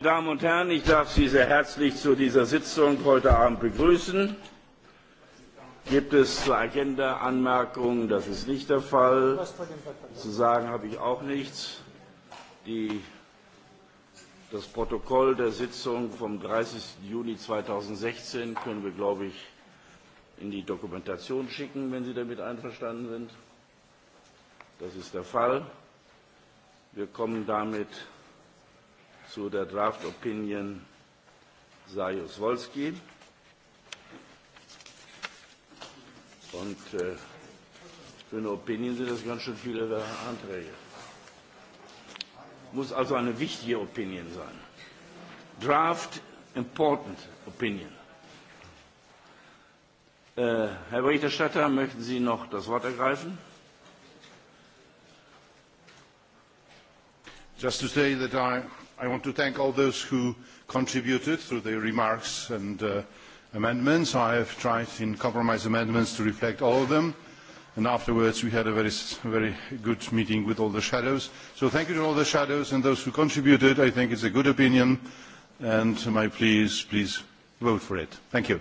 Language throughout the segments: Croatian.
Damen und Herren, ich darf Sie sehr herzlich zu dieser Sitzung heute Abend begrüßen. Gibt es zur Agenda Anmerkungen? Das ist nicht der Fall. Zu sagen habe ich auch nichts. Die, das Protokoll der Sitzung vom 30. Juni 2016 können wir, glaube ich, in die Dokumentation schicken, wenn Sie damit einverstanden sind. Das ist der Fall. Wir kommen damit zu der Draft Opinion Sajus Wolski. Und äh, für eine Opinion sind das ganz schön viele Anträge. Muss also eine wichtige Opinion sein. Draft Important Opinion. Äh, Herr Berichterstatter, möchten Sie noch das Wort ergreifen? Just to say that I i want to thank all those who contributed through their remarks and uh, amendments. I have tried in compromise amendments to reflect all of them. And afterwards, we had a very, very good meeting with all the shadows. So thank you to all the shadows and those who contributed. I think it's a good opinion. And my please, please vote for it. Thank you.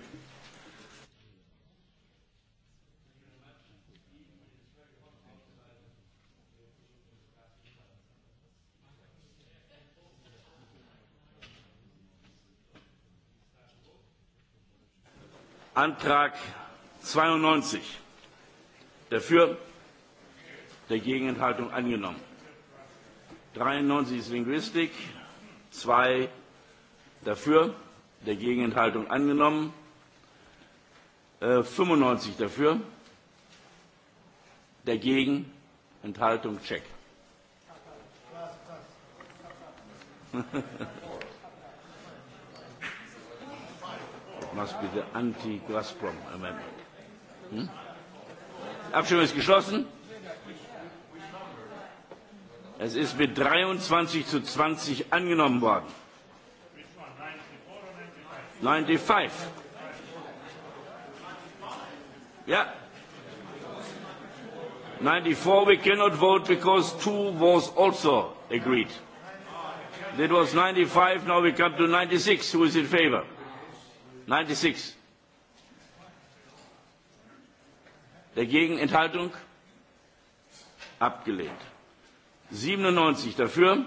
Antrag 92 dafür, der Gegenenthaltung angenommen. 93 ist Linguistik, zwei dafür, der Gegenenthaltung angenommen, äh, 95 dafür, dagegen Enthaltung check. must be the anti-Gazprom amendment. Hm? Abstimmung ist geschlossen. Es ist mit 23 zu 20 angenommen worden. 95. Yeah. 94 we cannot vote because 2 was also agreed. That was 95, now we come to 96. Who is in favor? 96 six dagegen enthaltung abgelehnt 97 dafür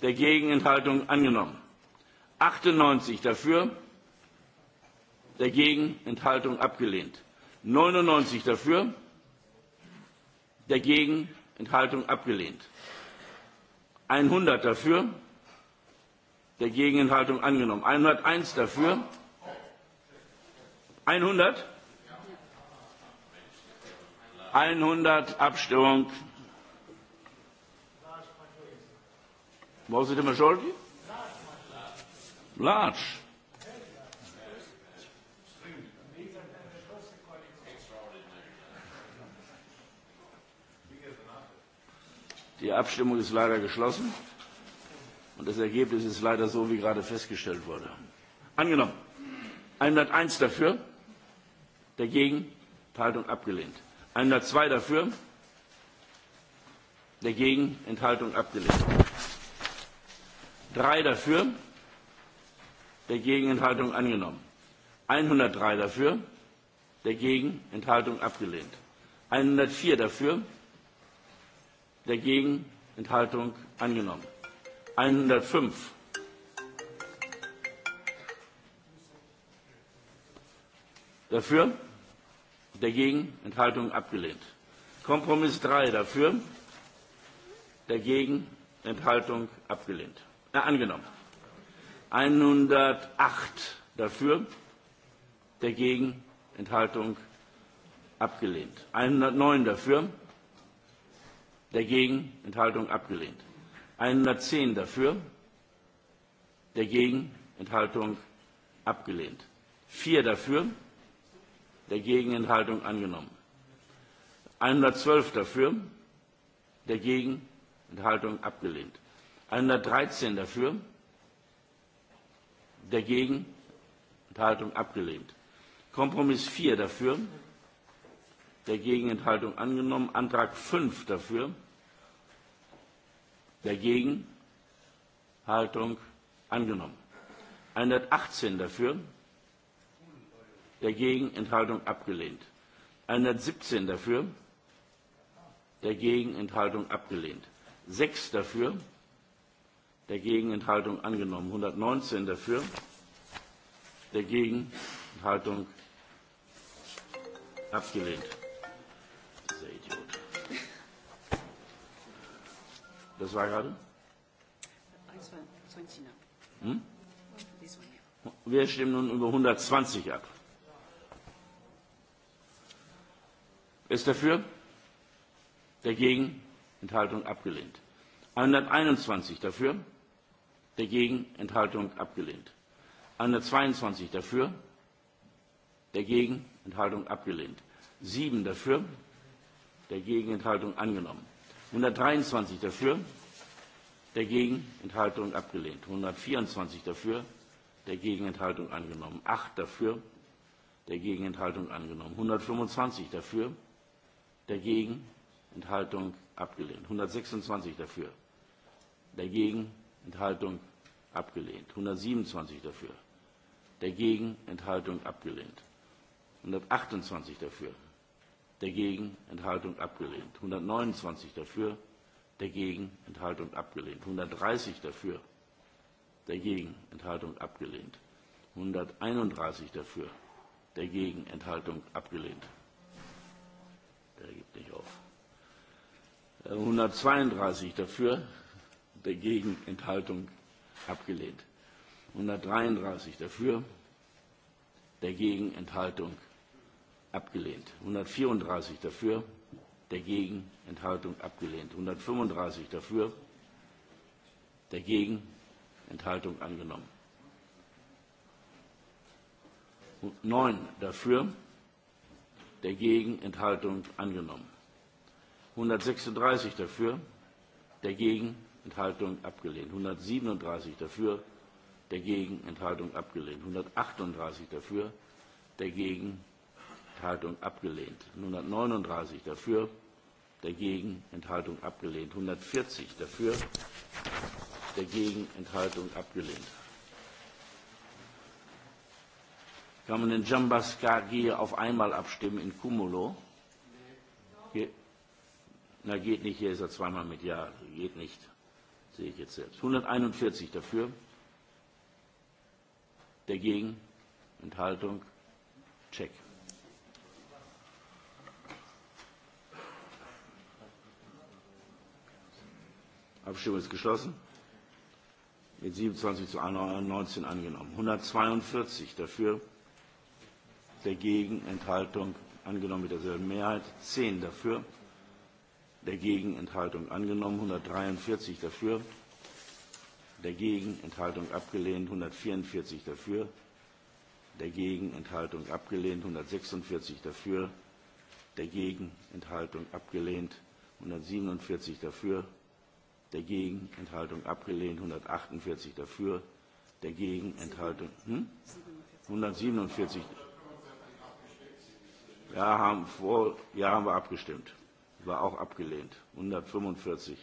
dagegen enthaltung angenommen 98 dafür dagegen enthaltung abgelehnt 99 dafür dagegen enthaltung abgelehnt 100 dafür der Gegenenthaltung angenommen. 101 dafür. 100? 100 Abstimmung. Was ist die Majority? Large. Die Abstimmung ist leider geschlossen. Und das Ergebnis ist leider so, wie gerade festgestellt wurde. Angenommen. 101 dafür, dagegen, Enthaltung abgelehnt. 102 dafür, dagegen, Enthaltung abgelehnt. 3 dafür, dagegen, Enthaltung angenommen. 103 dafür, dagegen, Enthaltung abgelehnt. 104 dafür, dagegen, Enthaltung angenommen. 105 dafür dagegen enthaltung abgelehnt kompromiss drei dafür dagegen enthaltung abgelehnt äh, angenommen 108 dafür dagegen enthaltung abgelehnt 109 dafür dagegen enthaltung abgelehnt 110 dafür, dagegen, Enthaltung abgelehnt. Vier dafür, dagegen, Enthaltung angenommen. 112 dafür, dagegen, Enthaltung abgelehnt. 113 dafür, dagegen, Enthaltung abgelehnt. Kompromiss 4 dafür, dagegen, Enthaltung angenommen. Antrag 5 dafür, Dagegen? Haltung angenommen. 118 dafür. Dagegen Enthaltung abgelehnt. 117 dafür. Dagegen Enthaltung abgelehnt. 6 dafür. Dagegen Enthaltung angenommen. 119 dafür. der gegenenthaltung abgelehnt. Das war gerade? Hm? Wir stimmen nun über 120 ab. Wer ist dafür? Dagegen? Enthaltung abgelehnt. 121 dafür? Dagegen? Enthaltung abgelehnt. 122 dafür? Dagegen? Enthaltung abgelehnt. 7 dafür? Dagegen? Enthaltung angenommen. 123 dafür, dagegen Enthaltung abgelehnt. 124 dafür, dagegen Enthaltung angenommen. 8 dafür, dagegen Enthaltung angenommen. 125 dafür, dagegen Enthaltung abgelehnt. 126 dafür, dagegen Enthaltung abgelehnt. 127 dafür, dagegen Enthaltung abgelehnt. 128 dafür, dagegen Enthaltung abgelehnt. 129 dafür, dagegen Enthaltung abgelehnt. 130 dafür, dagegen Enthaltung abgelehnt. 131 dafür, dagegen Enthaltung abgelehnt. Der gibt nicht auf. 132 äh, dafür, dagegen Enthaltung abgelehnt. 133 dafür, dagegen Enthaltung abgelehnt abgelehnt. 134 dafür, dagegen, Enthaltung abgelehnt. 135 dafür, dagegen, Enthaltung angenommen. 9 dafür, dagegen, Enthaltung angenommen. 136 dafür, dagegen, Enthaltung abgelehnt. 137 dafür, dagegen, Enthaltung abgelehnt. 138 dafür, dagegen, Enthaltung abgelehnt. 139 dafür, dagegen Enthaltung abgelehnt. 140 dafür, dagegen Enthaltung abgelehnt. Kann man den Jambas auf einmal abstimmen in Cumulo? Ge Na, geht nicht, hier ist er zweimal mit Ja, geht nicht, sehe ich jetzt selbst. 141 dafür, dagegen Enthaltung, Check. Abstimmung ist geschlossen. Mit 27 zu 19 angenommen. 142 dafür, dagegen, Enthaltung angenommen mit derselben Mehrheit. 10 dafür, dagegen, Enthaltung angenommen. 143 dafür, dagegen, Enthaltung abgelehnt. 144 dafür, dagegen, Enthaltung abgelehnt. 146 dafür, dagegen, Enthaltung abgelehnt. 147 dafür, dagegen, Enthaltung abgelehnt, 148 dafür, dagegen, Enthaltung, hm? 147. Ja, haben vor, ja, haben wir abgestimmt. War auch abgelehnt. 145.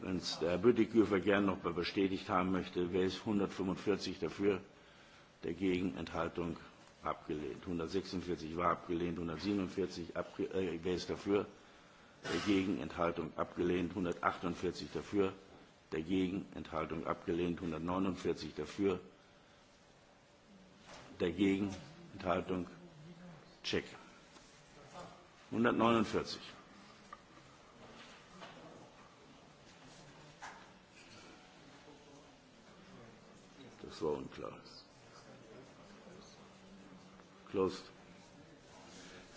Wenn es der Herr Bütikofer gerne noch mal bestätigt haben möchte, wer es 145 dafür, dagegen, Enthaltung abgelehnt. 146 war abgelehnt, 147 abge äh, dafür, dagegen Enthaltung abgelehnt, 148 dafür, dagegen Enthaltung abgelehnt, 149 dafür, dagegen Enthaltung check. 149. Das war unklar. Closed.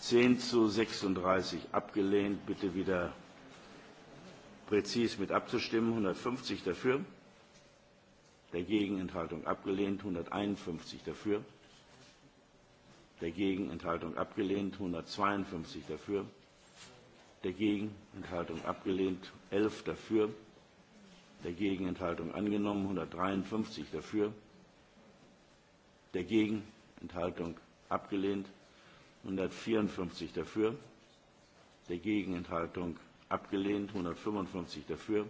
10 zu 36 abgelehnt. Bitte wieder präzis mit abzustimmen. 150 dafür. Dagegen Enthaltung abgelehnt. 151 dafür. Dagegen Enthaltung abgelehnt. 152 dafür. Dagegen Enthaltung abgelehnt. 11 dafür. Dagegen Enthaltung angenommen. 153 dafür. Dagegen Enthaltung abgelehnt. 154 dafür, dagegen Enthaltung abgelehnt, 155 dafür,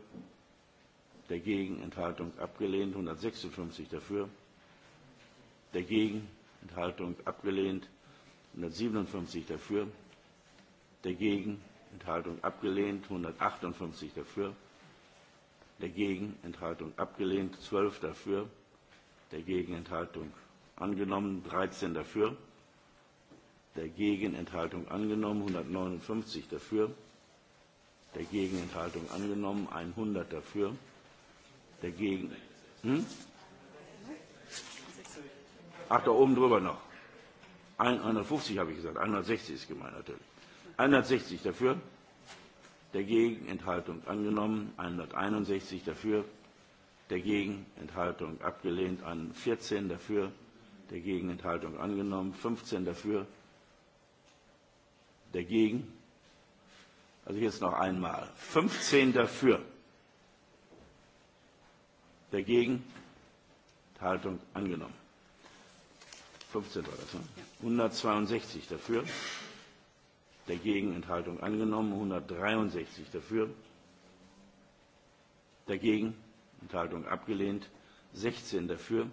dagegen Enthaltung abgelehnt, 156 dafür, dagegen Enthaltung abgelehnt, 157 dafür, dagegen Enthaltung abgelehnt, 158 dafür, dagegen Enthaltung abgelehnt, 12 dafür, dagegen Enthaltung angenommen, 13 dafür dagegen Enthaltung angenommen, 159 dafür, dagegen Enthaltung angenommen, 100 dafür, dagegen, hm? Ach, da oben drüber noch. 150 habe ich gesagt, 160 ist gemeint natürlich. 160 dafür, dagegen Enthaltung angenommen, 161 dafür, dagegen Enthaltung abgelehnt, 14 dafür, dagegen Enthaltung angenommen, 15 dafür, dagegen. Also jetzt noch einmal. 15 dafür, dagegen, Enthaltung angenommen. 15 war das, ne? 162 dafür, dagegen, Enthaltung angenommen. 163 dafür, dagegen, Enthaltung abgelehnt. 16 dafür,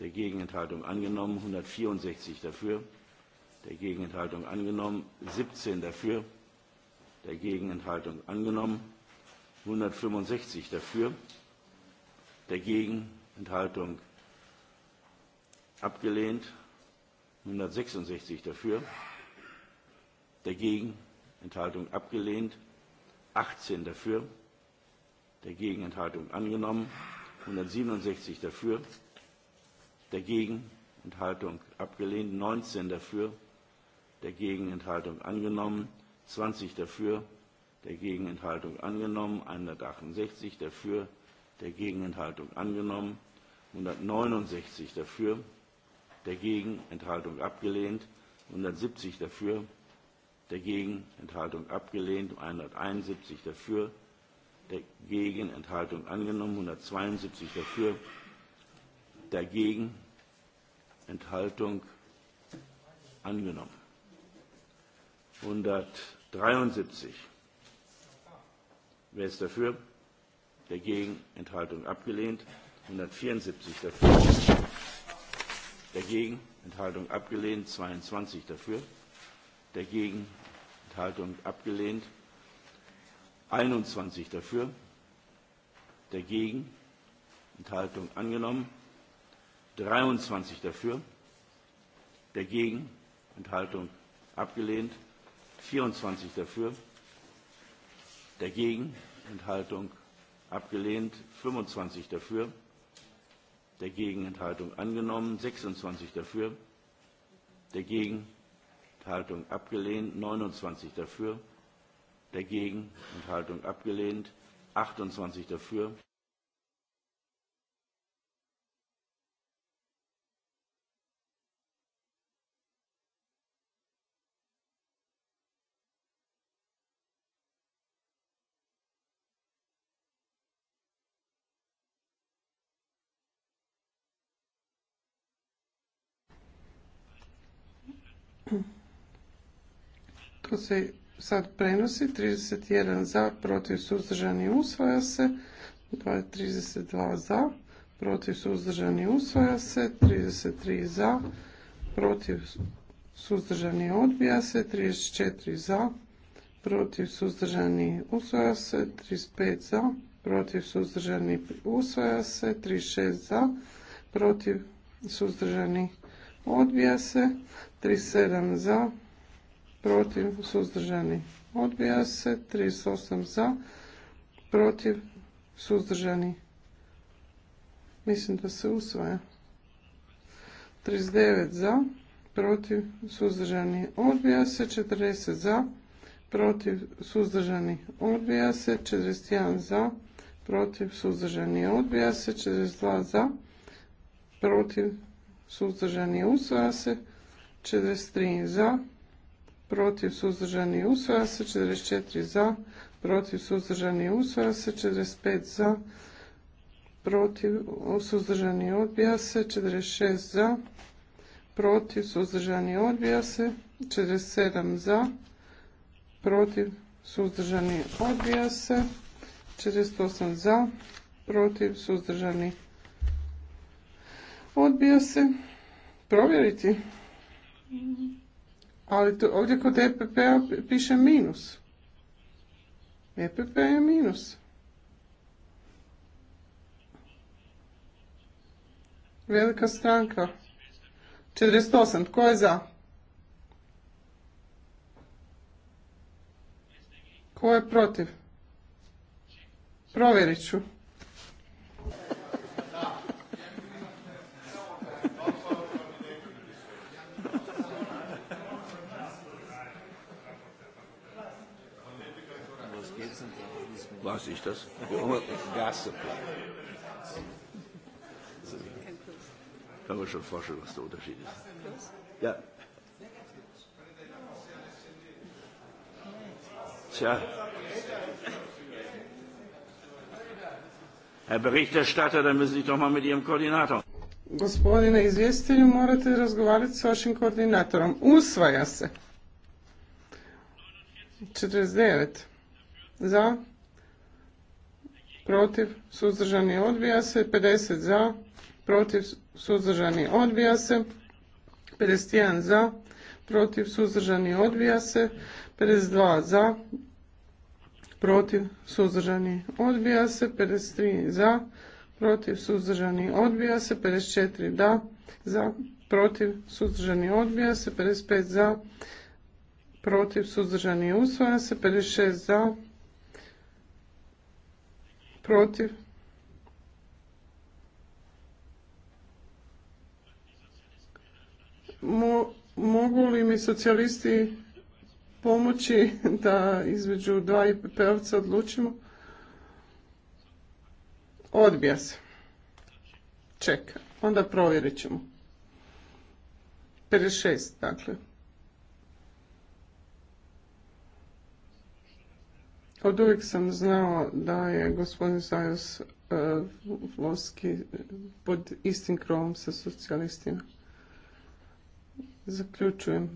dagegen, Enthaltung angenommen. 164 dafür, der Gegenenthaltung angenommen, 17 dafür, der Gegenenthaltung angenommen, 165 dafür, der Gegenenthaltung abgelehnt, 166 dafür, dagegen Enthaltung abgelehnt, 18 dafür, der gegenenthaltung angenommen, 167 dafür, dagegen Enthaltung abgelehnt, 19 dafür, dagegen Enthaltung angenommen, 20 dafür, der gegenenthaltung angenommen, 168 dafür, der gegenenthaltung angenommen, 169 dafür, dagegen Enthaltung abgelehnt, 170 dafür, dagegen Enthaltung abgelehnt, 171 dafür, der gegenenthaltung angenommen, 172 dafür, dagegen Enthaltung angenommen. 173. Wer ist dafür? Dagegen. Enthaltung abgelehnt. 174 dafür. Dagegen. Enthaltung abgelehnt. 22 dafür. Dagegen. Enthaltung abgelehnt. 21 dafür. Dagegen. Enthaltung angenommen. 23 dafür. Dagegen. Enthaltung abgelehnt. 24 dafür dagegen enthaltung abgelehnt 25 dafür dagegen enthaltung angenommen 26 dafür dagegen enthaltung abgelehnt 29 dafür dagegen enthaltung abgelehnt 28 dafür To se sad prenosi. 31 za, protiv suzdržani usvaja se. 32 za, protiv suzdržani usvaja se. 33 za, protiv suzdržani odbija se. 34 za, protiv suzdržani usvoja se. 35 za, protiv suzdržani usvaja se. 36 za, protiv suzdržani odbija se. 37 za, protiv, suzdržani, odbija se, 38 za, protiv, suzdržani, mislim da se usvaja, 39 za, protiv, suzdržani, odbija se, 40 za, protiv, suzdržani, odbija se, 41 za, protiv, suzdržani, odbija se, 42 za, protiv, suzdržani, usvaja se, 43 za, protiv suzdržani usvaja se, 44 za, protiv suzdržani usvaja se, 45 za, protiv suzdržani odbija se, 46 za, protiv suzdržani odbija se, 47 za, protiv suzdržani odbija se, 48 za, protiv suzdržani odbija se, provjeriti ali to, ovdje kod epp p-a piše minus. EPP je minus. Velika stranka. 48. Tko je za? Tko je protiv? Provjerit ću. weiß ich das? Gas Ich kann mir schon vorstellen, was der Unterschied ist. Ja. Tja. Herr Berichterstatter, dann müssen Sie doch mal mit Ihrem Koordinator. Gospodine izvjestitelju, morate razgovarati s vašim koordinatorom. Usvaja se. 49. Za protiv, suzdržani, odbija se. 50 za, protiv, suzdržani, odbija se. 51 za, protiv, suzdržani, odbija se. 52 za, protiv, suzdržani, odbija se. 53 za, protiv, suzdržani, odbija se. 54 da, za, protiv, suzdržani, odbija se. 55 za, protiv, suzdržani, usvaja se. 56 za, protiv, mogu li mi socijalisti pomoći da između dva IPP-ovca odlučimo? Odbija se. Čeka. Onda provjerit ćemo. 56, dakle. Od uvijek sam znao da je gospodin Zajos e, Lovski pod istim krovom sa socijalistima. Zaključujem.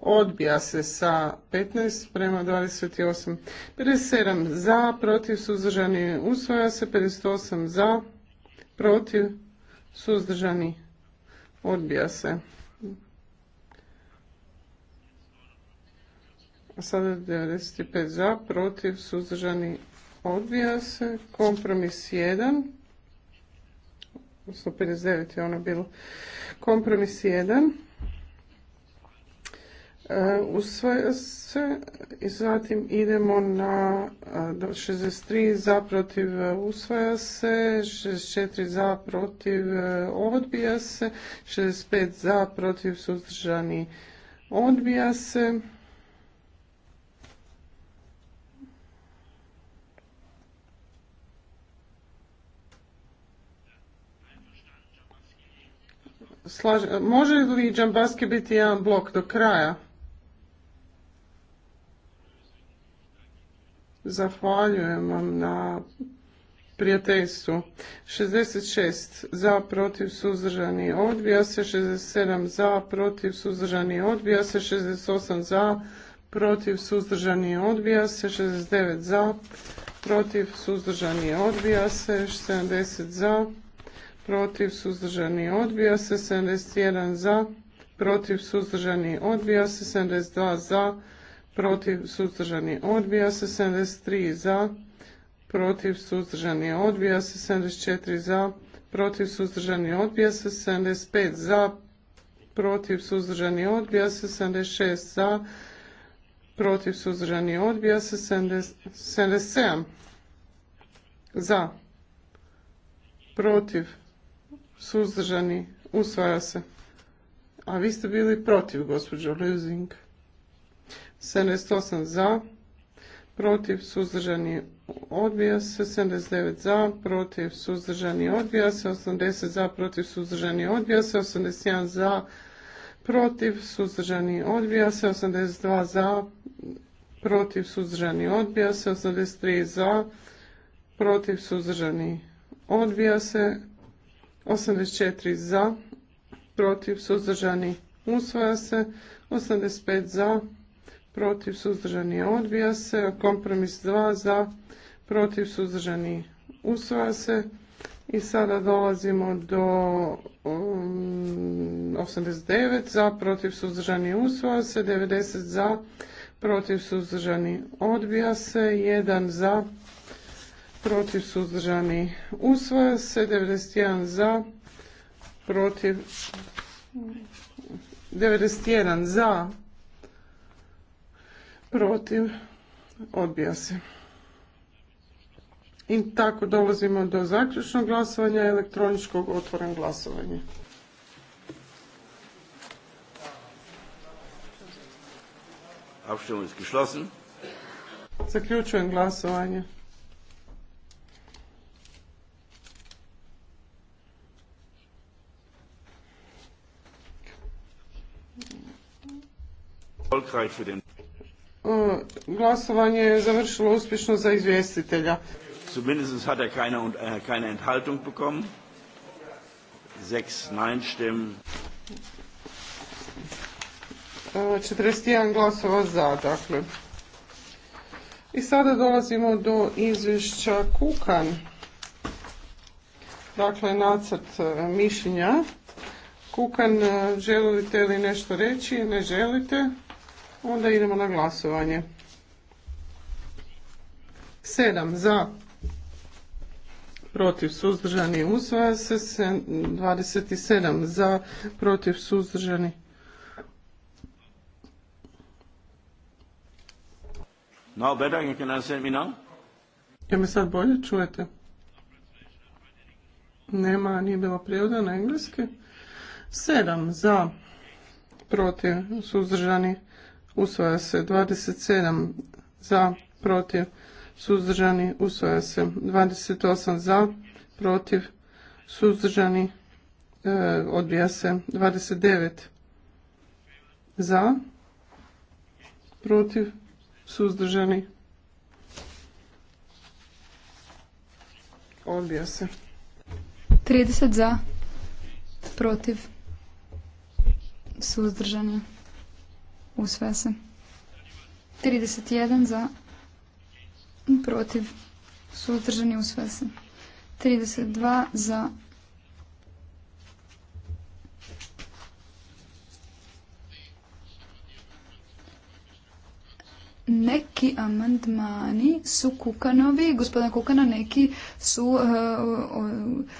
Odbija se sa 15 prema 28. 57 za, protiv suzdržani usvaja se, 58 za, protiv suzdržani odbija se. sada 95 za, protiv, suzdržani, odbija se. Kompromis 1. 159 je ono bilo. Kompromis 1. E, usvaja se i zatim idemo na 63 e, za protiv e, usvaja se, 64 za protiv odbija se, 65 za protiv suzdržani odbija se. Slaž... Može li džambaski biti jedan blok do kraja? Zahvaljujem vam na prijateljstvu. 66 za, protiv, suzdržani, odbija se. 67 za, protiv, suzdržani, odbija se. 68 za, protiv, suzdržani, odbija se. 69 za, protiv, suzdržani, odbija se. 70 za, protiv suzdržani odbija se 71 za protiv suzdržani odbija se 72 za protiv suzdržani odbija se 73 za protiv suzdržani odbija se 74 za protiv suzdržani odbija se 75 za protiv suzdržani odbija se 76 za protiv suzdržani odbija se 77 za protiv suzdržani, usvaja se. A vi ste bili protiv, gospođo Lezing. 78 za, protiv, suzdržani, odbija se. 79 za, protiv, suzdržani, odbija se. 80 za, protiv, suzdržani, odbija se. 81 za, protiv, suzdržani, odbija se. 82 za, protiv, suzdržani, odbija se. 83 za, protiv, suzdržani, odbija se. 84 za, protiv, suzdržani, usvaja se. 85 za, protiv, suzdržani, odbija se. Kompromis 2 za, protiv, suzdržani, usvaja se. I sada dolazimo do 89 um, za, protiv, suzdržani, usvaja se. 90 za, protiv, suzdržani, odbija se. 1 za, protiv suzdržani usvaja se 91 za protiv 91 za protiv odbija se i tako dolazimo do zaključnog glasovanja elektroničkog otvoren glasovanje Zaključujem glasovanje. Mm, glasovanje je završilo uspješno za izvjestitelja. Zumindest hat er keine, 41 äh, äh, glasova za, dakle. I sada dolazimo do izvješća Kukan. Dakle, nacrt e, mišljenja. Kukan, e, želite li nešto reći? Ne želite? Onda idemo na glasovanje. 7 za, protiv suzdržani usvaja se, 27 za, protiv suzdržani Now better, you me Ja me sad bolje čujete? Nema, nije bilo prijevoda na engleski. Sedam za, protiv, suzdržani, usvaja se 27 za, protiv, suzdržani, usvaja se 28 e, za, protiv, suzdržani, odbija se 29 za, protiv, suzdržani, odbija se. 30 za, protiv, suzdržani. Usvaja se. 31 za. Protiv. Suzdržani. Usvaja se. 32 za. Neki amandmani su Kukanovi, gospodina Kukana, neki su eh,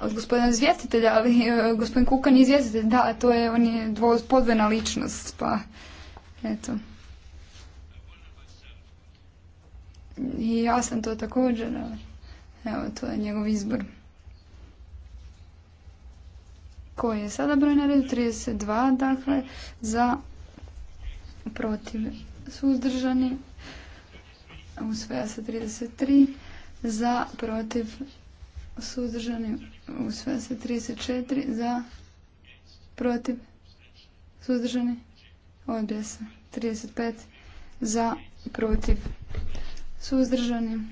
od gospodina izvjestitelja, ali e, gospodin Kukan je izvjestitelj, da, to je, on je podvena ličnost, pa eto. I ja sam to također, evo, to je njegov izbor. Koji je sada broj na redu? 32, dakle, za protiv suzdržani. Usvaja se 33 za protiv suzdržani Usvaja se 34 za, protiv, suzdržani, odbija se 35 za, protiv, suzdržani,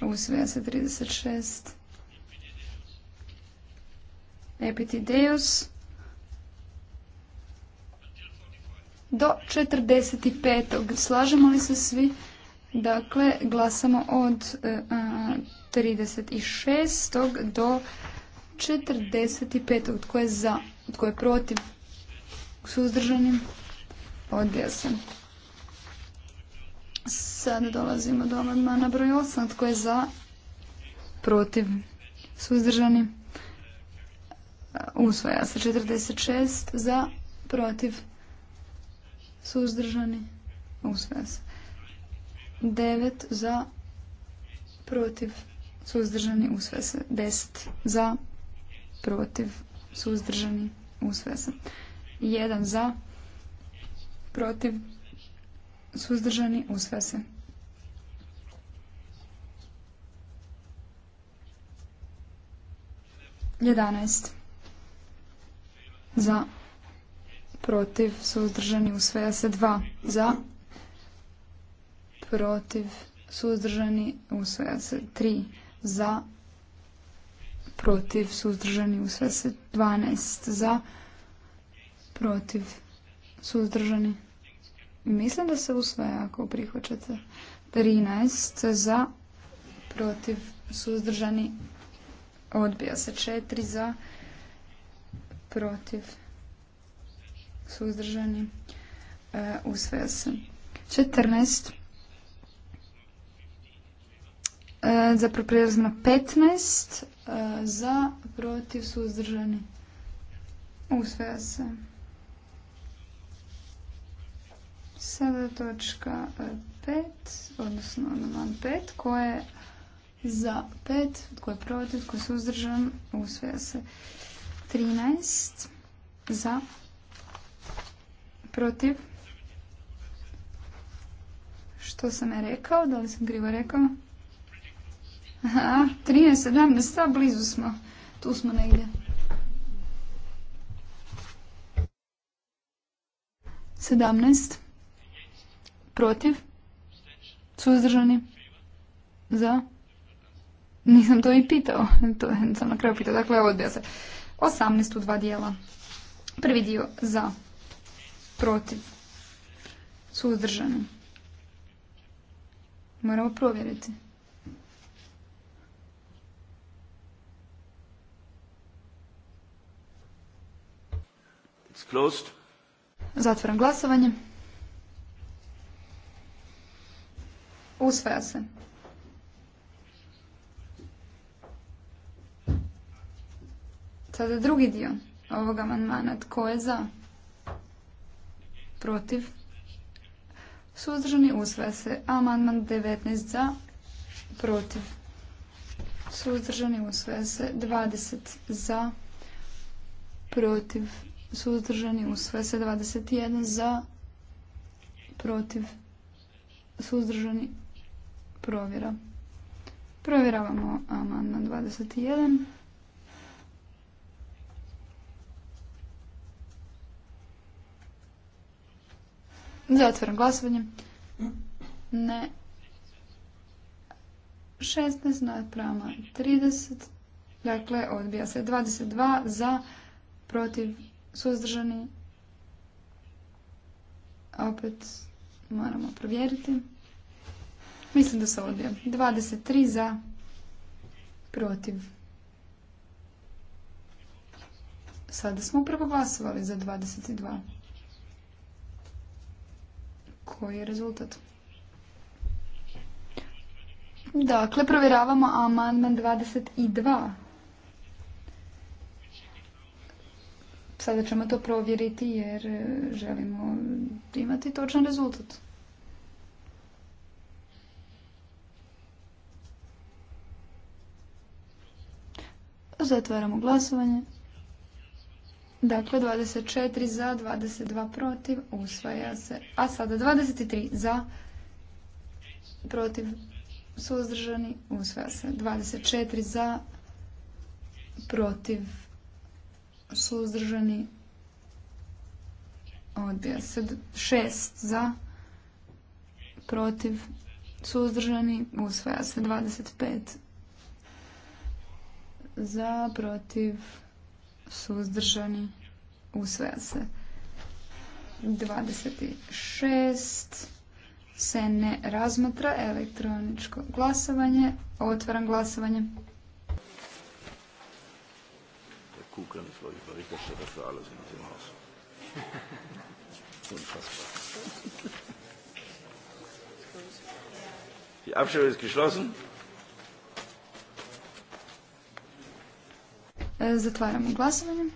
usvaja se 36. Epitideus do 45. Slažemo li se svi? Dakle, glasamo od 36. E, do 45. Tko je za? Tko je protiv? Suzdržanim? Odbija se. Sada dolazimo do amandmana broj 8. Tko je za? Protiv? Suzdržani? usvoja se 46. Za? Protiv? Suzdržani? usvoja se devet za, protiv, suzdržani, usvese, se. 10 za, protiv, suzdržani, sve se. 1 za, protiv, suzdržani, usvaja se. Jedanaest. Za. Protiv. Suzdržani. sve se dva. Za protiv, suzdržani, usvaja se 3 za, protiv, suzdržani, usvaja se 12 za, protiv, suzdržani. Mislim da se usvaja ako prihvaćate. 13 za, protiv, suzdržani, odbija se 4 za, protiv, suzdržani, e, usvaja se 14 E, zapravo prelazimo na 15 e, za, protiv, suzdržani. Usvaja se. Sada točka 5, e, odnosno man 5, ko je za 5, tko je protiv, tko je suzdržan, usvaja se. 13 za, protiv, što sam je rekao, da li sam krivo rekao? Aha, 13, 17, a blizu smo. Tu smo negdje. 17. Protiv. Suzdržani. Za. Nisam to i pitao. To sam na kraju pitao. Dakle, odbija se. 18 u dva dijela. Prvi dio za. Protiv. Suzdržani. Moramo provjeriti. Zatvaram glasovanje. Usvaja se. Sada drugi dio ovog amandmana. Tko je za? Protiv? Suzdržani usvaja se. Amandman 19 za. Protiv? Suzdržani usvaja se. 20 za. Protiv? suzdržani, sve se 21 za, protiv, suzdržani, provjera. Provjeravamo amandman 21. Zatvaram glasovanje. Ne. 16 prama 30. Dakle, odbija se 22 za, protiv, suzdržani, opet moramo provjeriti. Mislim da se odbija. 23 za, protiv. Sada smo upravo glasovali za 22. Koji je rezultat? Dakle, provjeravamo amandman 22. Sada ćemo to provjeriti jer e, želimo imati točan rezultat. Zatvaramo glasovanje. Dakle, 24 za, 22 protiv, usvaja se. A sada 23 za, protiv, suzdržani, usvaja se. 24 za, protiv, suzdržani, odbija se. 6 za, protiv, suzdržani, usvaja se. 25 za, protiv, suzdržani, usvaja se. 26 se ne razmatra elektroničko glasovanje. Otvaram glasovanje. Kukan ist, glaube ich, Berichterstatter für alles in diesem Haus. Unfassbar. Die Abstimmung ist geschlossen. Zatvaramo glasovanje.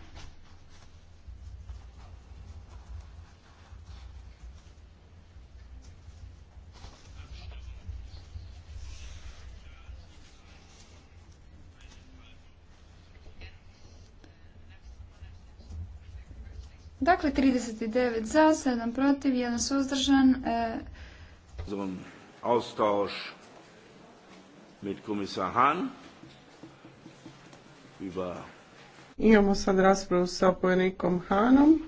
Dakle, 39 za, 7 protiv, 1 suzdržan. E... Austausch mit komisar Han über Imamo sad raspravu sa pojenikom Hanom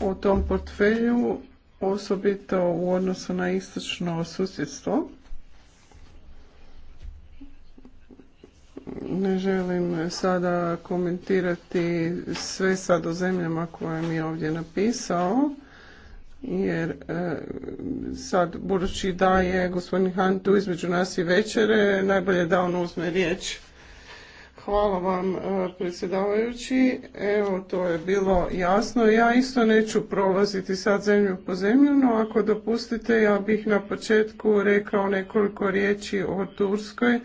o tom portfelju, osobito u odnosu na istočno susjedstvo. Ne želim sada komentirati sve sad o zemljama koje mi je ovdje napisao, jer e, sad, budući da je gospodin Han tu između nas i večere, najbolje da on uzme riječ. Hvala vam e, predsjedavajući. Evo, to je bilo jasno. Ja isto neću prolaziti sad zemlju po zemlju, no ako dopustite, ja bih na početku rekao nekoliko riječi o Turskoj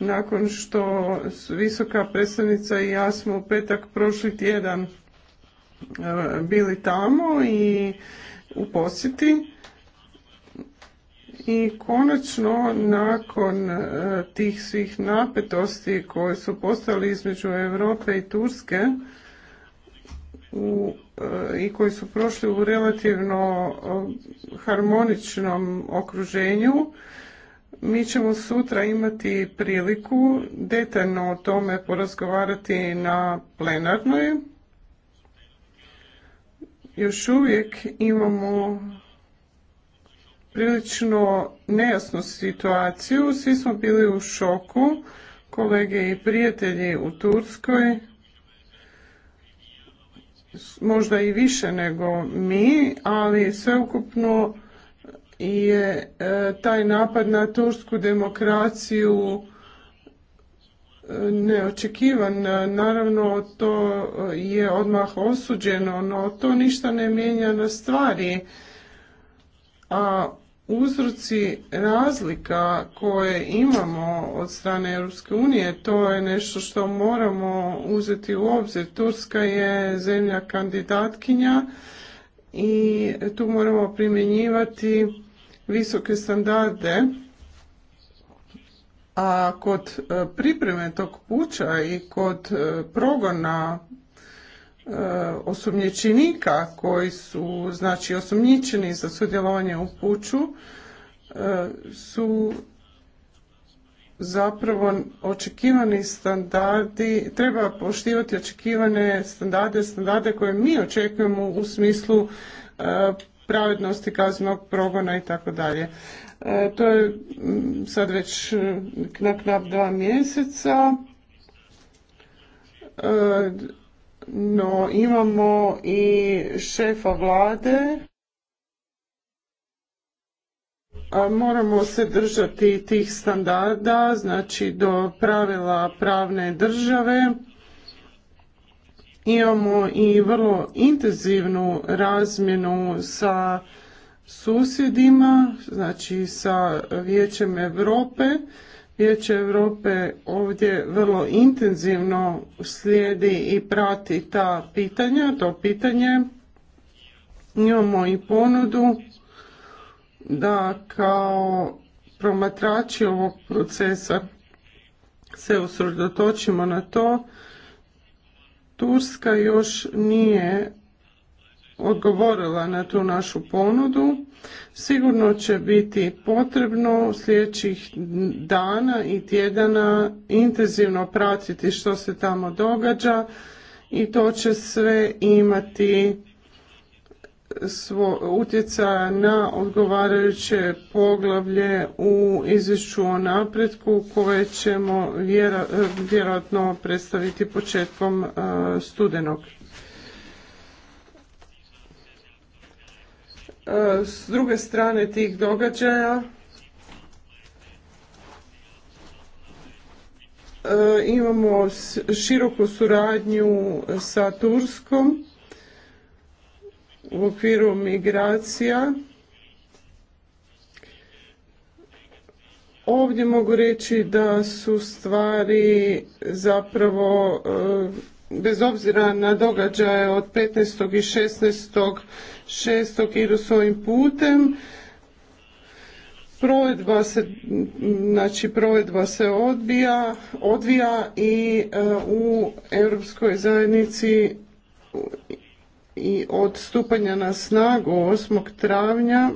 nakon što visoka predstavnica i ja smo u petak prošli tjedan e, bili tamo i u posjeti i konačno nakon e, tih svih napetosti koje su postali između Europe i Turske e, i koji su prošli u relativno harmoničnom okruženju mi ćemo sutra imati priliku detaljno o tome porazgovarati na plenarnoj. Još uvijek imamo prilično nejasnu situaciju. Svi smo bili u šoku, kolege i prijatelji u Turskoj, možda i više nego mi, ali sveukupno je e, taj napad na tursku demokraciju e, neočekivan. E, naravno, to je odmah osuđeno, no to ništa ne mijenja na stvari. A uzroci razlika koje imamo od strane Europske unije, to je nešto što moramo uzeti u obzir. Turska je zemlja kandidatkinja i tu moramo primjenjivati visoke standarde, a kod e, pripreme tog puća i kod e, progona e, osumnjičenika koji su znači osumnjičeni za sudjelovanje u puću su zapravo očekivani standardi, treba poštivati očekivane standarde, standarde koje mi očekujemo u smislu pravednosti kaznog progona i tako dalje. E, to je mm, sad već knap e, knap dva mjeseca. E, no, imamo i šefa vlade. Moramo se držati tih standarda, znači do pravila pravne države Imamo i vrlo intenzivnu razmjenu sa susjedima, znači sa Vijećem Europe. Vijeće Europe ovdje vrlo intenzivno slijedi i prati ta pitanja, to pitanje. Imamo i ponudu da kao promatrači ovog procesa se usredotočimo na to Turska još nije odgovorila na tu našu ponudu. Sigurno će biti potrebno sljedećih dana i tjedana intenzivno pratiti što se tamo događa i to će sve imati svo utjecaja na odgovarajuće poglavlje u izvješću o napretku koje ćemo vjerojatno predstaviti početkom e, studenog. E, s druge strane tih događaja e, imamo široku suradnju sa Turskom u okviru migracija. Ovdje mogu reći da su stvari zapravo e, bez obzira na događaje od 15. i 16. 6. idu s ovim putem. Provedba se, znači provedba se odbija, odvija i e, u Europskoj zajednici i od stupanja na snagu 8. travnja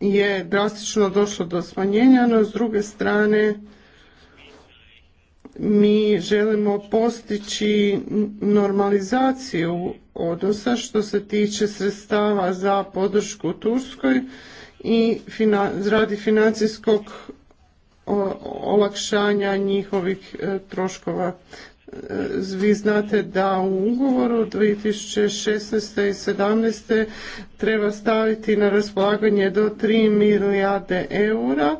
je drastično došlo do smanjenja, no s druge strane mi želimo postići normalizaciju odnosa što se tiče sredstava za podršku Turskoj i radi financijskog olakšanja njihovih e, troškova. E, vi znate da u ugovoru 2016. i 2017. treba staviti na raspolaganje do 3 milijarde eura.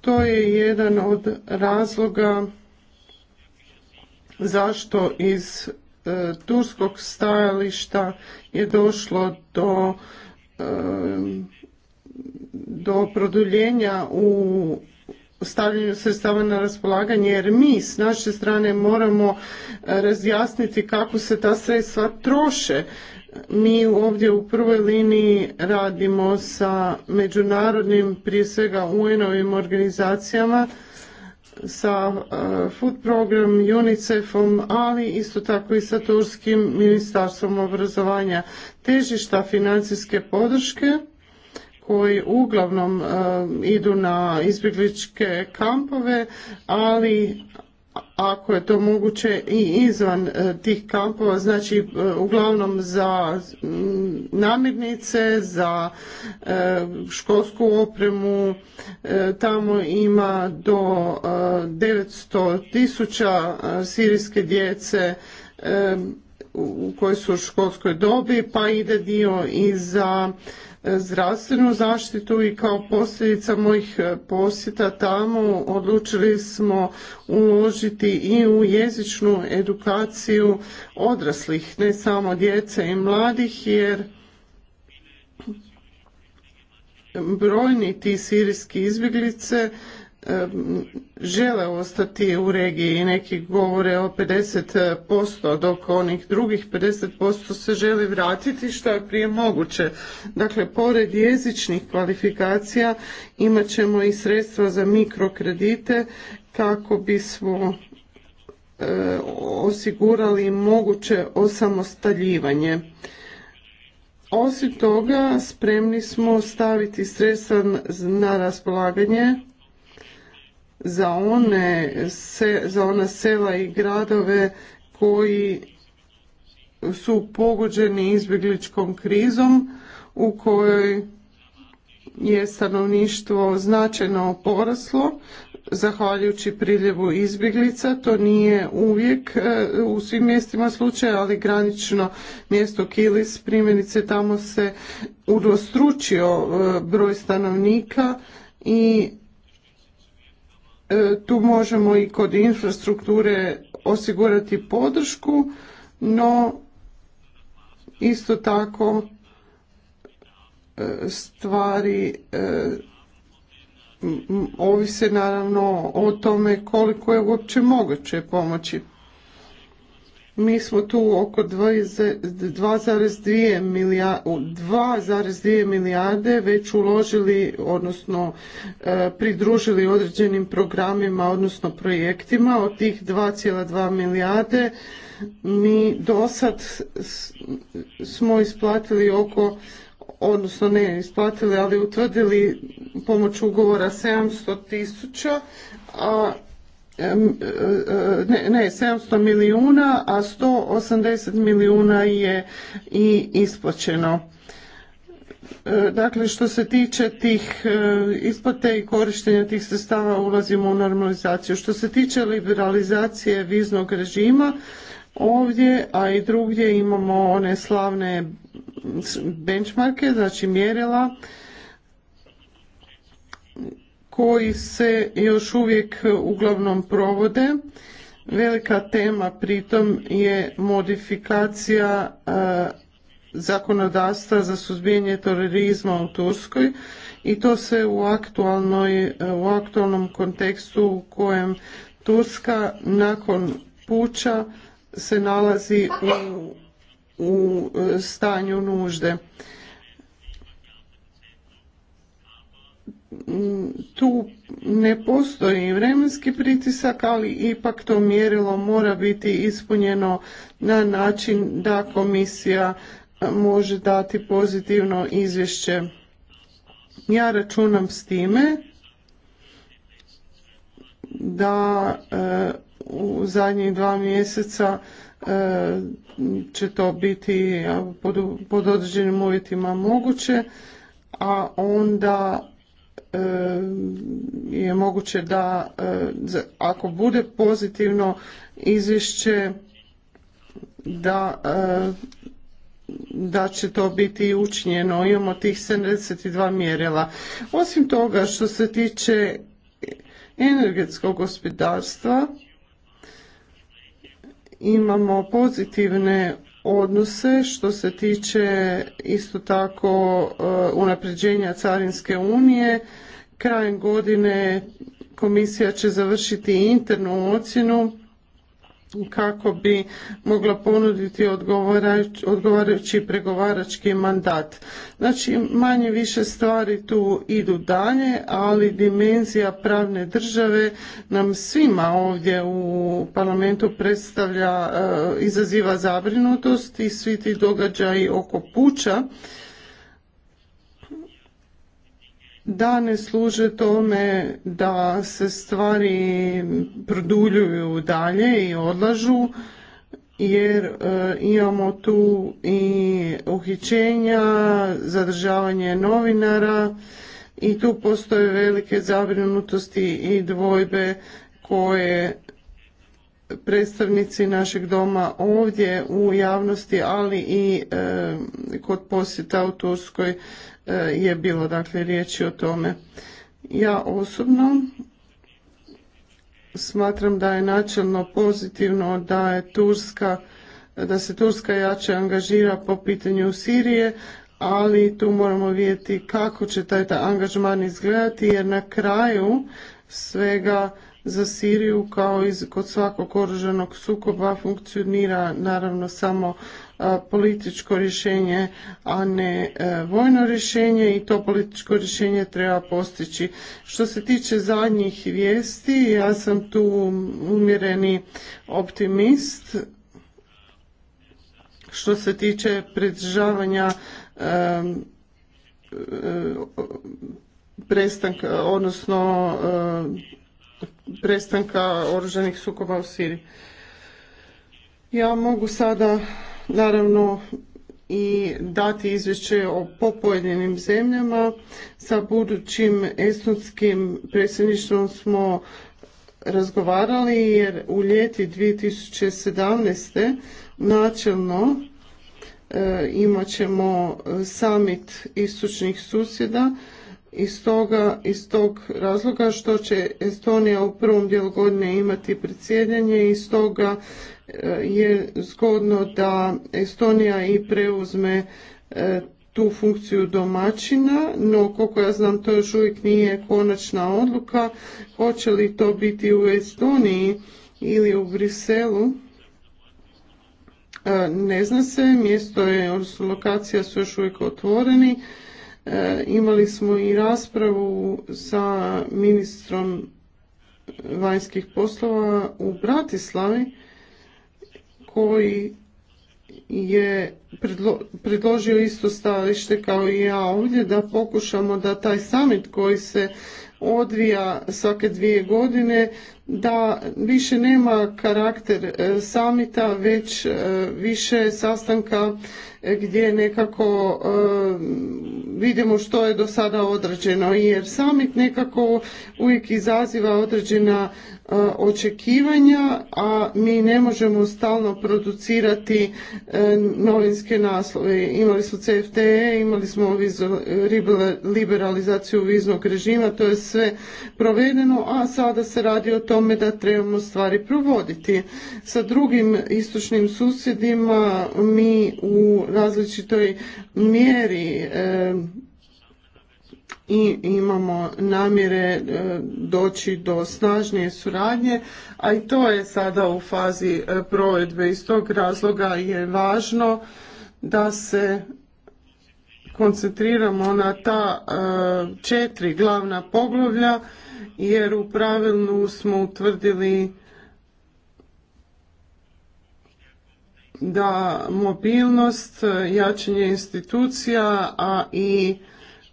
To je jedan od razloga zašto iz e, turskog stajališta je došlo do e, do produljenja u stavljanju sredstava na raspolaganje jer mi s naše strane moramo e, razjasniti kako se ta sredstva troše. Mi ovdje u prvoj liniji radimo sa međunarodnim, prije svega UN-ovim organizacijama, sa e, Food Program, UNICEF-om, ali isto tako i sa Turskim ministarstvom obrazovanja. Težišta financijske podrške koji uglavnom e, idu na izbjegličke kampove, ali ako je to moguće i izvan e, tih kampova, znači e, uglavnom za mm, namirnice, za školsku opremu, tamo ima do 900 tisuća sirijske djece u kojoj su u školskoj dobi, pa ide dio i za e, zdravstvenu zaštitu i kao posljedica mojih e, posjeta tamo odlučili smo uložiti i u jezičnu edukaciju odraslih, ne samo djece i mladih jer brojni ti sirijski izbjeglice žele ostati u regiji. Neki govore o 50%, dok onih drugih 50% se želi vratiti što je prije moguće. Dakle, pored jezičnih kvalifikacija imat ćemo i sredstva za mikrokredite kako bismo e, osigurali moguće osamostaljivanje. Osim toga, spremni smo staviti sredstva na raspolaganje za, one, za ona sela i gradove koji su pogođeni izbjegličkom krizom u kojoj je stanovništvo značajno poraslo zahvaljujući priljevu izbjeglica. To nije uvijek e, u svim mjestima slučaj, ali granično mjesto Kilis primjerice tamo se udvostručio e, broj stanovnika i E, tu možemo i kod infrastrukture osigurati podršku, no isto tako e, stvari e, ovise naravno o tome koliko je uopće moguće pomoći mi smo tu oko 2,2 milijarde, milijarde već uložili, odnosno e, pridružili određenim programima, odnosno projektima. Od tih 2,2 milijarde mi do sad smo isplatili oko odnosno ne isplatili, ali utvrdili pomoć ugovora 700 tisuća, a E, e, ne, ne 700 milijuna, a 180 milijuna je i isplaćeno. E, dakle, što se tiče tih isplate i korištenja tih sredstava ulazimo u normalizaciju. Što se tiče liberalizacije viznog režima, ovdje, a i drugdje imamo one slavne benchmarke, znači mjerila koji se još uvijek uglavnom provode. Velika tema pritom je modifikacija e, zakonodavstva za suzbijanje terorizma u Turskoj i to se u, e, u aktualnom kontekstu u kojem Turska nakon puća se nalazi u, u stanju nužde. tu ne postoji vremenski pritisak, ali ipak to mjerilo mora biti ispunjeno na način da komisija e, može dati pozitivno izvješće. Ja računam s time da e, u zadnjih dva mjeseca e, će to biti pod određenim uvjetima moguće, a onda E, je moguće da e, ako bude pozitivno izvješće da e, da će to biti učinjeno. Imamo tih 72 mjerila. Osim toga što se tiče energetskog gospodarstva imamo pozitivne odnose što se tiče isto tako e, unapređenja Carinske unije. Krajem godine komisija će završiti internu ocjenu kako bi mogla ponuditi odgovarajući pregovarački mandat. Znači manje više stvari tu idu dalje, ali dimenzija pravne države nam svima ovdje u parlamentu predstavlja, e, izaziva zabrinutost i svi ti događaji oko puča da ne služe tome da se stvari produljuju dalje i odlažu jer e, imamo tu i uhićenja, zadržavanje novinara i tu postoje velike zabrinutosti i dvojbe koje predstavnici našeg doma ovdje u javnosti, ali i e, kod posjeta u Turskoj E, je bilo dakle riječi o tome. Ja osobno smatram da je načelno pozitivno da je Turska da se Turska jače angažira po pitanju Sirije, ali tu moramo vidjeti kako će taj, taj angažman izgledati jer na kraju svega za Siriju kao i kod svakog oružanog sukoba funkcionira naravno samo E, političko rješenje, a ne e, vojno rješenje i to političko rješenje treba postići. Što se tiče zadnjih vijesti, ja sam tu umjereni optimist što se tiče predržavanja e, prestanka, odnosno prestanka oružanih sukoba u Siriji. Ja mogu sada naravno i dati izvješće o popojedinim zemljama. Sa budućim estonskim predsjedništvom smo razgovarali jer u ljeti 2017. načelno e, imat ćemo e, summit istočnih susjeda iz, toga, iz tog razloga što će Estonija u prvom dijelu godine imati predsjedanje i stoga e, je zgodno da Estonija i preuzme e, tu funkciju domaćina, no koliko ja znam to još uvijek nije konačna odluka. Hoće li to biti u Estoniji ili u Briselu? E, ne zna se, mjesto je, odnosno lokacija su još uvijek otvoreni E, imali smo i raspravu sa ministrom vanjskih poslova u Bratislavi koji je predložio isto stajalište kao i ja ovdje da pokušamo da taj summit koji se odvija svake dvije godine da više nema karakter e, samita već e, više sastanka E, gdje nekako e, vidimo što je do sada odrađeno jer summit nekako uvijek izaziva određena očekivanja, a mi ne možemo stalno producirati e, novinske naslove. Imali su CFTE, imali smo liberalizaciju viznog režima, to je sve provedeno, a sada se radi o tome da trebamo stvari provoditi. Sa drugim istočnim susjedima mi u različitoj mjeri e, i imamo namjere e, doći do snažnije suradnje, a i to je sada u fazi e, provedbe. Iz tog razloga je važno da se koncentriramo na ta e, četiri glavna poglavlja jer u pravilnu smo utvrdili da mobilnost, jačanje institucija, a i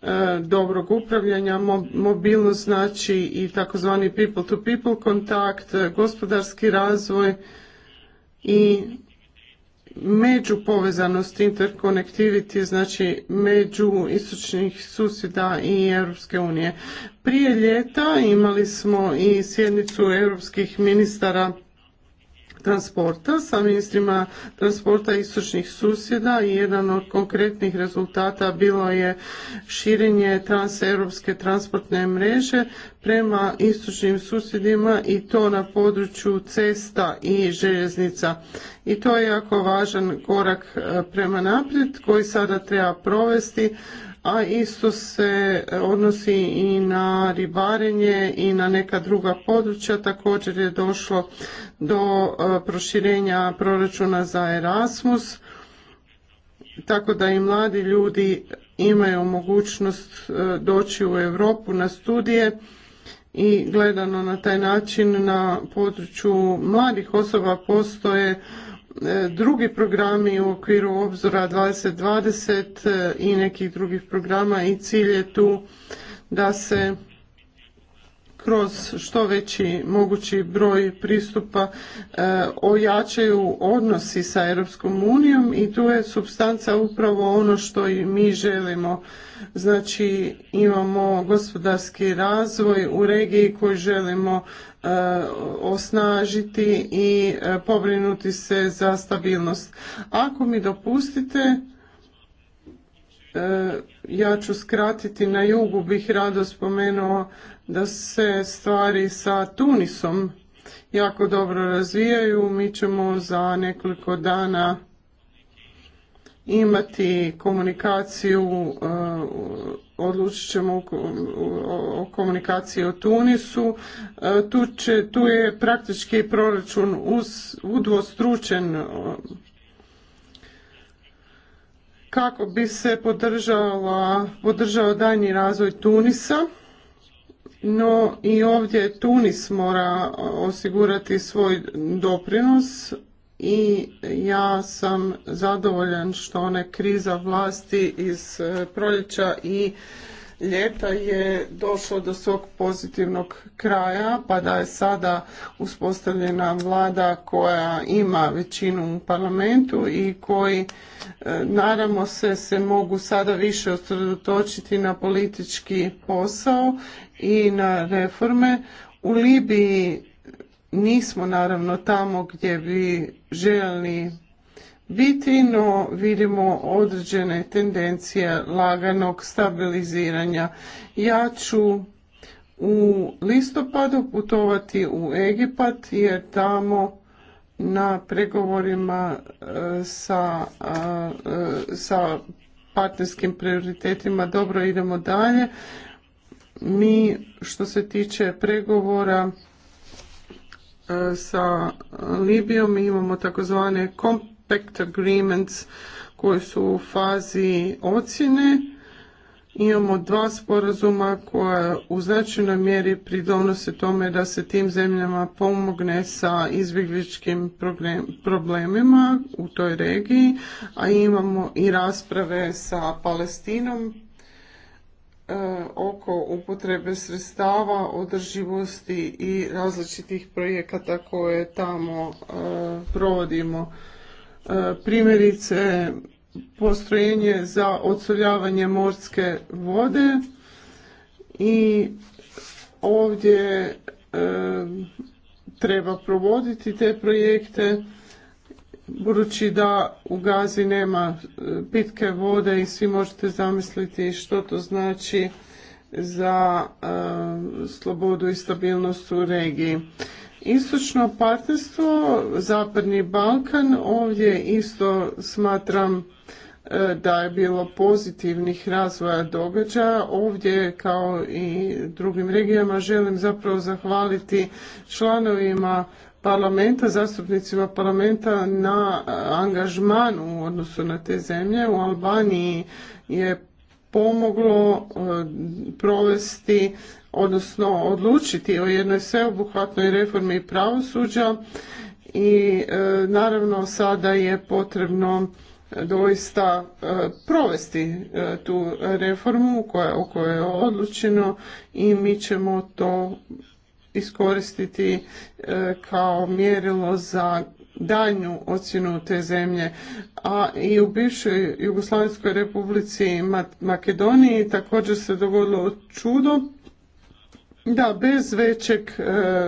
E, dobrog upravljanja, mobilnost znači i takozvani people to people kontakt, e, gospodarski razvoj i međupovezanost, interconnectivity, znači među istočnih susjeda i Europske unije. Prije ljeta imali smo i sjednicu europskih ministara transporta sa ministrima transporta istočnih susjeda i jedan od konkretnih rezultata bilo je širenje transeuropske transportne mreže prema istočnim susjedima i to na području cesta i željeznica. I to je jako važan korak e, prema naprijed koji sada treba provesti a isto se odnosi i na ribarenje i na neka druga područja. Također je došlo do e, proširenja proračuna za Erasmus, tako da i mladi ljudi imaju mogućnost e, doći u Europu na studije i gledano na taj način na području mladih osoba postoje E, drugi programi u okviru obzora 2020 e, i nekih drugih programa i cilj je tu da se kroz što veći mogući broj pristupa e, ojačaju odnosi sa Europskom unijom i tu je substanca upravo ono što i mi želimo. Znači imamo gospodarski razvoj u regiji koji želimo e, osnažiti i e, pobrinuti se za stabilnost. Ako mi dopustite, ja ću skratiti, na jugu bih rado spomenuo da se stvari sa Tunisom jako dobro razvijaju. Mi ćemo za nekoliko dana imati komunikaciju, uh, odlučit ćemo o komunikaciji o Tunisu. Uh, tu, će, tu je praktički proračun uz, udvostručen uh, kako bi se podržao daljnji razvoj Tunisa. No i ovdje Tunis mora osigurati svoj doprinos i ja sam zadovoljan što one kriza vlasti iz proljeća i ljeta je došlo do svog pozitivnog kraja, pa da je sada uspostavljena vlada koja ima većinu u parlamentu i koji e, naravno se se mogu sada više osredotočiti na politički posao i na reforme. U Libiji nismo naravno tamo gdje bi željeli biti, vidimo određene tendencije laganog stabiliziranja. Ja ću u listopadu putovati u Egipat jer tamo na pregovorima e, sa, e, sa partnerskim prioritetima dobro idemo dalje. Mi što se tiče pregovora e, sa Libijom imamo takozvane komp Pact Agreements koji su u fazi ocjene. Imamo dva sporazuma koja u značajnoj mjeri pridonose tome da se tim zemljama pomogne sa izbjegličkim problemima u toj regiji, a imamo i rasprave sa Palestinom e, oko upotrebe sredstava, održivosti i različitih projekata koje tamo e, provodimo. E, primjerice postrojenje za odsoljavanje morske vode i ovdje e, treba provoditi te projekte budući da u Gazi nema e, pitke vode i svi možete zamisliti što to znači za slobodu i stabilnost u regiji. Istočno partnerstvo, Zapadni Balkan, ovdje isto smatram e, da je bilo pozitivnih razvoja događaja. Ovdje kao i drugim regijama želim zapravo zahvaliti članovima parlamenta, zastupnicima parlamenta na e, angažmanu u odnosu na te zemlje. U Albaniji je pomoglo e, provesti odnosno odlučiti o jednoj sveobuhvatnoj reformi pravosuđa i e, naravno sada je potrebno doista e, provesti e, tu reformu koja, o kojoj je odlučeno i mi ćemo to iskoristiti kao mjerilo za daljnju ocjenu te zemlje. A i u bivšoj Jugoslavenskoj republici Makedoniji također se dogodilo čudo da, bez većeg e,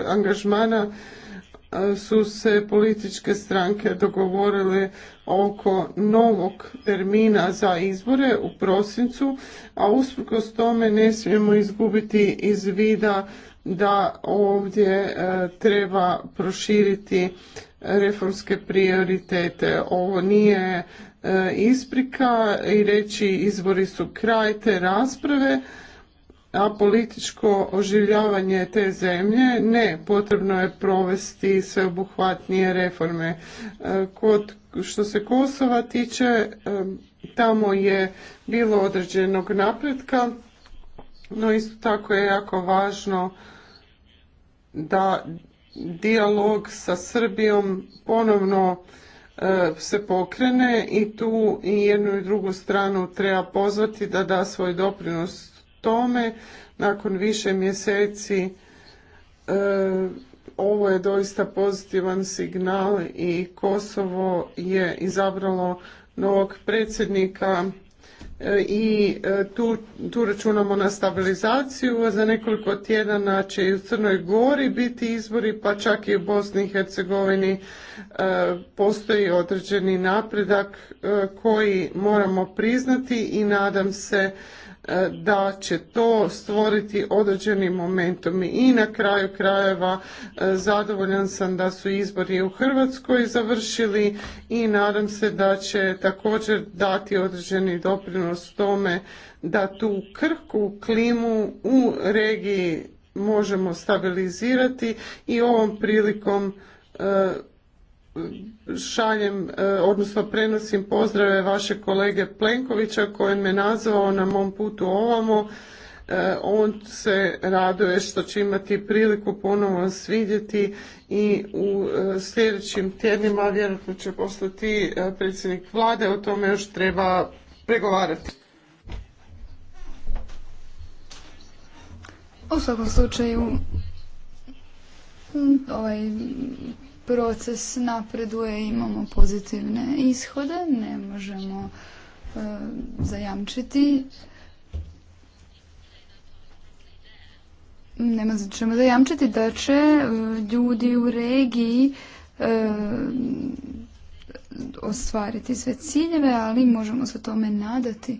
angažmana e, su se političke stranke dogovorile oko novog termina za izbore u prosincu, a usprkos tome ne smijemo izgubiti iz vida da ovdje e, treba proširiti reformske prioritete. Ovo nije isprika i reći izbori su kraj te rasprave, a političko oživljavanje te zemlje ne potrebno je provesti sveobuhvatnije reforme e, kod što se Kosova tiče e, tamo je bilo određenog napretka no isto tako je jako važno da dijalog sa Srbijom ponovno e, se pokrene i tu i jednu i drugu stranu treba pozvati da da svoj doprinos tome, nakon više mjeseci e, ovo je doista pozitivan signal i Kosovo je izabralo novog predsjednika e, i e, tu, tu računamo na stabilizaciju, za nekoliko tjedana će i u Crnoj Gori biti izbori, pa čak i u Bosni i Hercegovini postoji određeni napredak koji moramo priznati i nadam se da će to stvoriti određeni momentum. I na kraju krajeva e, zadovoljan sam da su izbori u Hrvatskoj završili i nadam se da će također dati određeni doprinos tome da tu krhku klimu u regiji možemo stabilizirati i ovom prilikom e, šaljem, e, odnosno prenosim pozdrave vaše kolege Plenkovića koji me nazvao na mom putu ovamo. E, on se raduje što će imati priliku ponovo vas vidjeti i u e, sljedećim tjednima vjerojatno će postati predsjednik vlade, o tome još treba pregovarati. U svakom slučaju ovaj, proces napreduje, imamo pozitivne ishode, ne možemo e, zajamčiti nema možemo zajamčiti da će e, ljudi u regiji e, ostvariti sve ciljeve, ali možemo se tome nadati.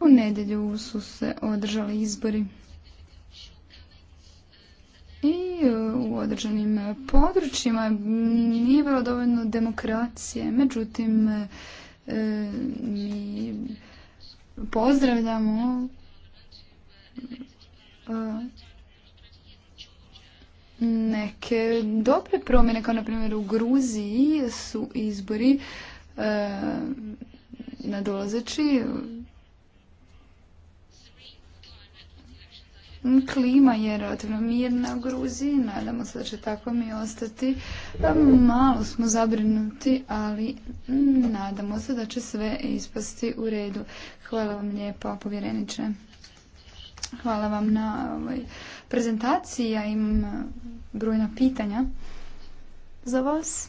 U nedjelju su se održali izbori i e, u određenim područjima nije bilo dovoljno demokracije. Međutim, e, e, mi pozdravljamo neke dobre promjene, kao na primjer u Gruziji su izbori nadolazeći klima je relativno mirna u Gruziji, nadamo se da će tako mi ostati. Malo smo zabrinuti, ali mm, nadamo se da će sve ispasti u redu. Hvala vam lijepo, povjereniče. Hvala vam na ovoj prezentaciji, ja imam e, brojna pitanja za vas.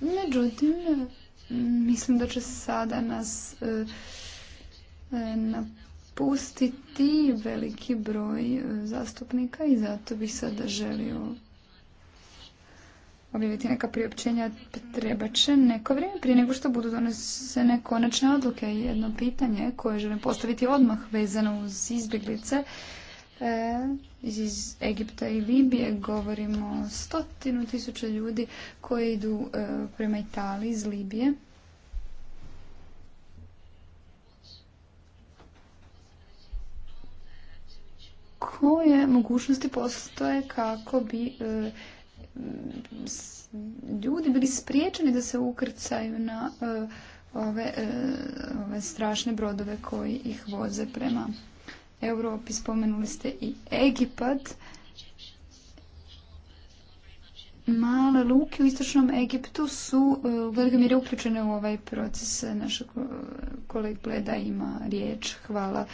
Međutim, e, mislim da će sada nas e, na Pustiti veliki broj e, zastupnika i zato bih sada želio objaviti neka priopćenja treba će neko vrijeme prije nego što budu donesene konačne odluke. i Jedno pitanje koje želim postaviti odmah vezano uz izbjeglice e, iz Egipta i Libije. Govorimo o stotinu tisuća ljudi koji idu e, prema Italiji iz Libije. Ove mogućnosti postoje kako bi e, ljudi bili spriječeni da se ukrcaju na e, e, ove, strašne brodove koji ih voze prema Europi. Spomenuli ste i Egipat. Male luke u istočnom Egiptu su u velike uključene u ovaj proces. Naša kolega Bleda ima riječ. Hvala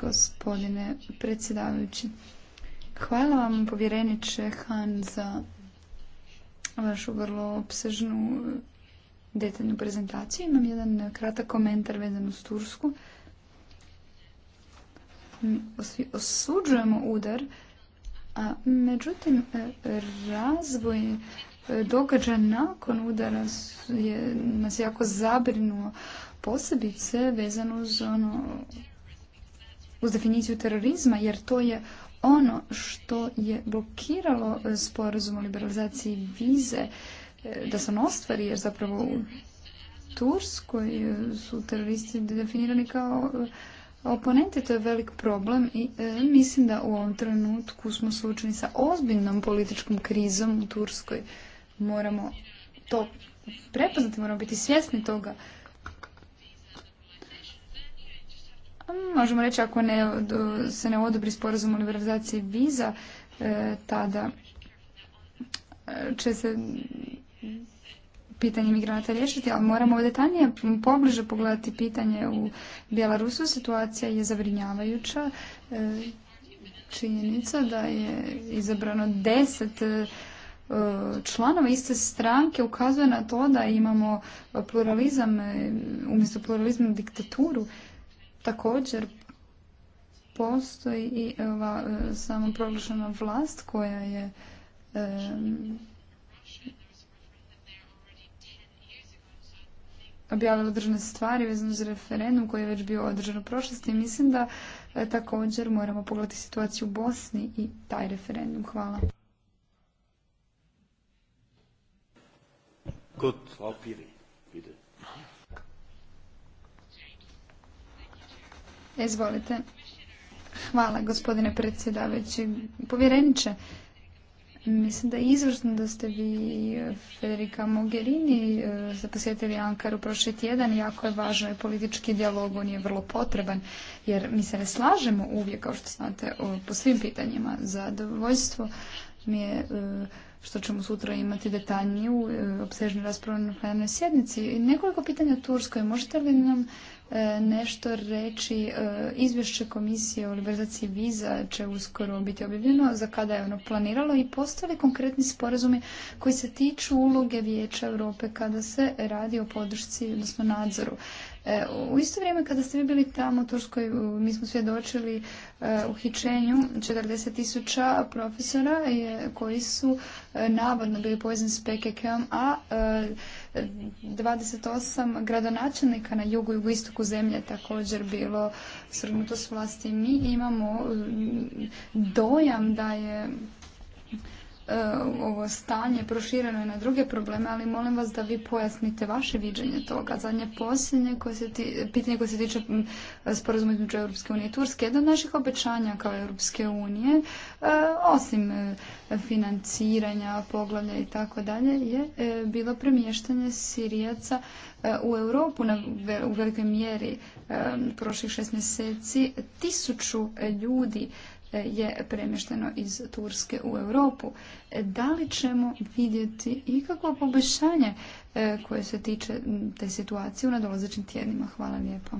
gospodine predsjedavajući. Hvala vam, povjereniče Han, za vašu vrlo obsežnu detaljnu prezentaciju. Imam jedan kratak komentar vezan uz Tursku. osuđujemo udar, a međutim razvoj događaja nakon udara je nas jako zabrinuo posebice vezano uz ono uz definiciju terorizma jer to je ono što je blokiralo sporazum o liberalizaciji vize e, da se on ostvari jer zapravo u Turskoj su teroristi definirani kao e, oponente. to je velik problem i e, mislim da u ovom trenutku smo suočeni sa ozbiljnom političkom krizom u Turskoj. Moramo to prepoznati, moramo biti svjesni toga Možemo reći ako ne, se ne odobri sporazum o liberalizaciji viza, e, tada e, će se pitanje migranata riješiti, ali moramo detaljnije pobliže pogledati pitanje u Bjelarusu. Situacija je zabrinjavajuća. E, činjenica da je izabrano deset članova iste stranke ukazuje na to da imamo pluralizam, umjesto pluralizma diktaturu. Također postoji i ova e, samoproglašena vlast koja je e, objavila određene stvari vezano za referendum koji je već bio održan u prošlosti i mislim da e, također moramo pogledati situaciju u Bosni i taj referendum. Hvala. Good. Izvolite. Hvala gospodine predsjedavajući. Povjereniče, mislim da je izvrsno da ste vi Federica Mogherini e, zaposjetili Ankaru prošli tjedan i jako je važno i politički dijalog, on je vrlo potreban jer mi se ne slažemo uvijek, kao što znate, po svim pitanjima zadovoljstvo mi je e, što ćemo sutra imati detaljniju e, obsežnu raspravu na plenarnoj sjednici. Nekoliko pitanja o Turskoj. Možete li nam e, nešto reći? Izvješće komisije o liberalizaciji viza će uskoro biti objavljeno. Za kada je ono planiralo i postoje li konkretni sporazumi koji se tiču uloge Vijeća Europe kada se radi o podršci, odnosno nadzoru? E, u isto vrijeme kada ste vi bili tamo u Turskoj, mi smo svjedočili e, uhićenju 40 tisuća profesora koji su e, navodno bili povezani s PKK-om, a 28 gradonačelnika na jugu i istoku zemlje također bilo srgnuto s vlasti. Mi imamo dojam da je E, ovo stanje prošireno je na druge probleme, ali molim vas da vi pojasnite vaše viđenje toga. Zadnje posljednje koje se pitanje koje se tiče sporazuma između Europske unije i Turske, jedno od naših obećanja kao Europske unije, e, osim e, financiranja, poglavlja i tako dalje, je bilo premještanje Sirijaca u Europu na, u velikoj mjeri prošlih šest mjeseci. Tisuću ljudi E, je premješteno iz Turske u Europu. E, da li ćemo vidjeti ikakvo poboljšanje e, koje se tiče te situacije u nadolazećim tjednima? Hvala lijepo.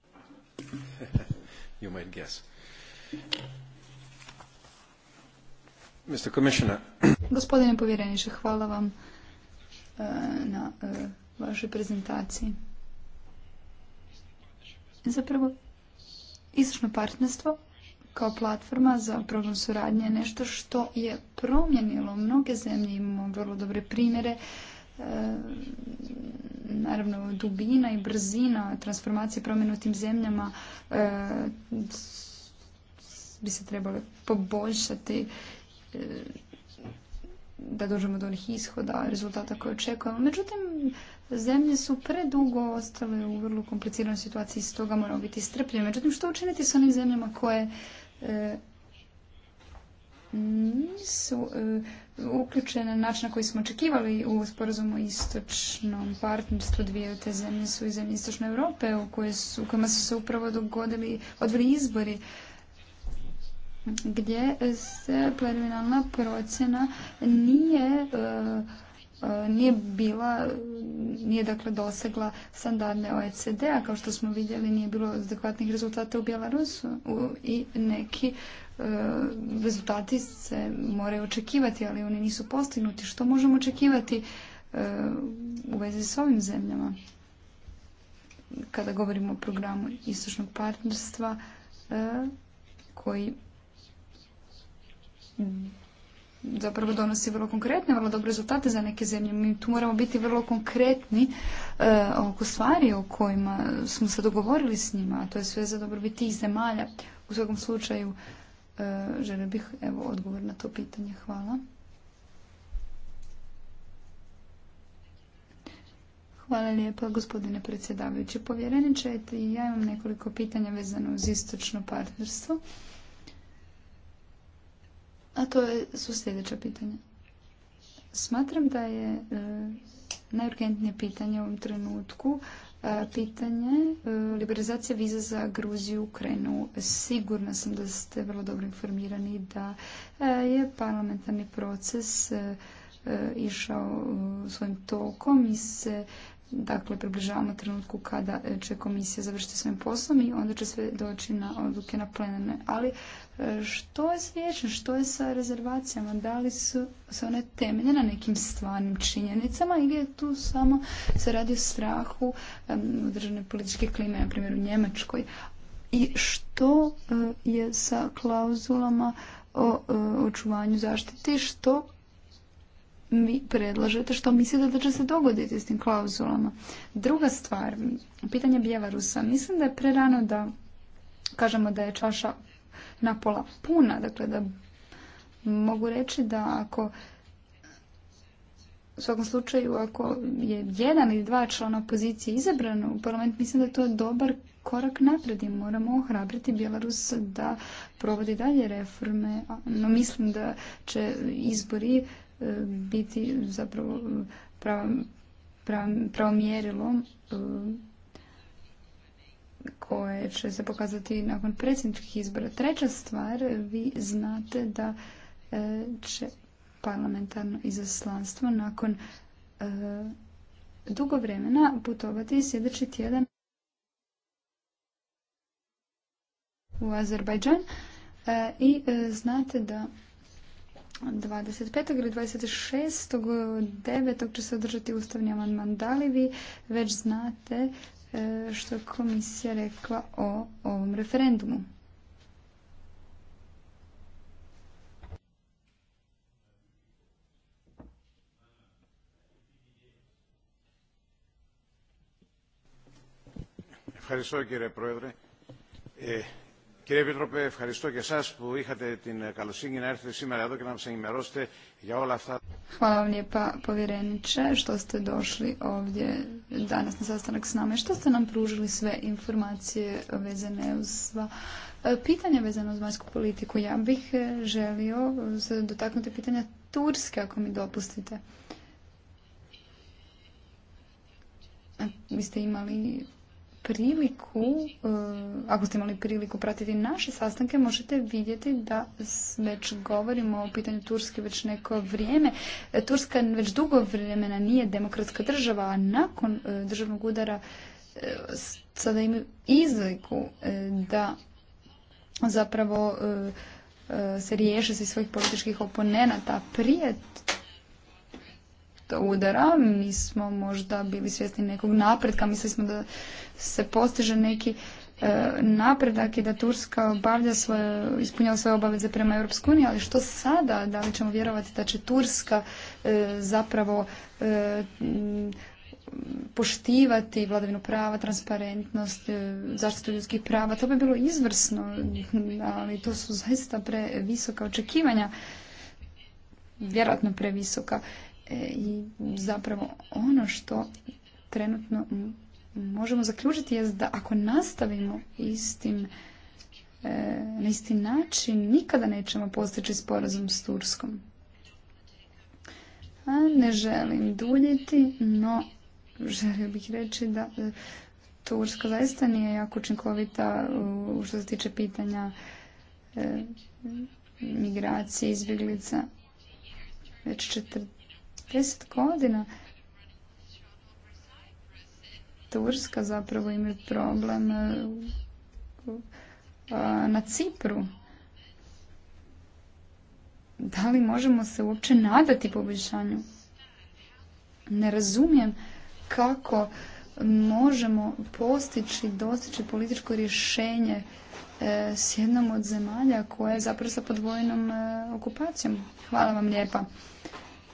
You might guess. Mr. Commissioner. Gospodine povjereniče, hvala vam na vašoj prezentaciji. Zapravo Istočno partnerstvo kao platforma za program suradnje je nešto što je promjenilo mnoge zemlje, imamo vrlo dobre primjere, e, naravno dubina i brzina transformacije promjenu u tim zemljama e, bi se trebalo poboljšati e, da dođemo do onih ishoda, rezultata koje očekujemo. Međutim, zemlje su predugo ostale u vrlo kompliciranoj situaciji, stoga moramo biti strpljeni. Međutim, što učiniti s onim zemljama koje e, nisu e, uključene na način na koji smo očekivali u sporazumu o istočnom partnerstvu. Dvije te zemlje su i zemlje istočne Europe u, koje su, u kojima su se upravo dogodili odvili izbori gdje se preliminalna procjena nije e, e, nije bila, nije dakle dosegla standardne OECD-a, kao što smo vidjeli nije bilo adekvatnih rezultata u Bjelarusu i neki e, rezultati se moraju očekivati, ali oni nisu postignuti. Što možemo očekivati u vezi s ovim zemljama? Kada govorimo o programu istočnog partnerstva koji zapravo donosi vrlo konkretne, vrlo dobre rezultate za neke zemlje. Mi tu moramo biti vrlo konkretni e, oko stvari o kojima smo se dogovorili s njima, a to je sve za dobrobit tih zemalja. U svakom slučaju e, bih evo odgovor na to pitanje. Hvala. Hvala lijepa gospodine predsjedavajući povjereniče. Ja imam nekoliko pitanja vezano uz istočno partnerstvo. A to je, su sljedeća pitanja. Smatram da je e, najurgentnije pitanje u ovom trenutku e, pitanje e, liberalizacije viza za Gruziju i Ukrajinu. Sigurna sam da ste vrlo dobro informirani da je parlamentarni proces išao svojim tokom i se dakle približavamo trenutku kada e, će komisija završiti svojim poslom i onda će sve doći na odluke na plenarne. Ali e, što je s što je sa rezervacijama, da li su se one temelje na nekim stvarnim činjenicama ili je tu samo se radi o strahu državne političke klime, na primjer u Njemačkoj. I što e, je sa klauzulama o očuvanju zaštite, što mi predlažete, što mislite da će se dogoditi s tim klauzulama. Druga stvar, pitanje Bjelarusa. Mislim da je prerano da kažemo da je čaša pola puna, dakle da mogu reći da ako u svakom slučaju ako je jedan ili dva člana opozicije izabrano u parlament, mislim da je to dobar korak naprijed i moramo ohrabriti Bjelarus da provodi dalje reforme. No, mislim da će izbori biti zapravo pravo mjerilo e, koje će se pokazati nakon predsjedničkih izbora. Treća stvar, vi znate da e, će parlamentarno izaslanstvo nakon e, dugo vremena putovati sljedeći tjedan u Azerbajdžan i znate da 25. ili 26. 9. će se održati ustavni amandman. Da li vi već znate e, što je komisija rekla o ovom referendumu? Hvala, Κύριε Επίτροπε, ευχαριστώ και εσά που είχατε την καλοσύνη να έρθετε σήμερα εδώ και να ενημερώσετε για Hvala vam lijepa povjereniče što ste došli ovdje danas na sastanak s nama i što ste nam pružili sve informacije vezane uz sva e, pitanja vezane uz vanjsku politiku. Ja bih e, želio dotaknuti pitanja Turske ako mi dopustite. E, vi ste imali priliku, e, ako ste imali priliku pratiti naše sastanke, možete vidjeti da već govorimo o pitanju Turske već neko vrijeme. E, Turska već dugo vremena nije demokratska država, a nakon e, državnog udara sada imaju izliku da zapravo se riješe svih svojih političkih oponenata. Prije udara. Mi smo možda bili svjesni nekog napretka, mislili smo da se postiže neki e, napredak i da Turska obavlja svoje, ispunjava svoje obaveze prema Europskoj uniji, ali što sada? Da li ćemo vjerovati da će Turska e, zapravo e, poštivati vladavinu prava, transparentnost, zaštitu ljudskih prava? To bi bilo izvrsno, ali to su zaista previsoka očekivanja. Vjerojatno previsoka. E, I zapravo ono što trenutno možemo zaključiti je da ako nastavimo istim e, na isti način nikada nećemo postići sporazum s Turskom. ne želim duljiti, no želio bih reći da e, Turska zaista nije jako učinkovita što se tiče pitanja migracije, izbjeglica. Već deset godina. Turska zapravo ima problem e, na Cipru. Da li možemo se uopće nadati poboljšanju? Ne razumijem kako možemo postići, dostići političko rješenje e, s jednom od zemalja koja je zapravo sa podvojnom e, okupacijom. Hvala vam lijepa.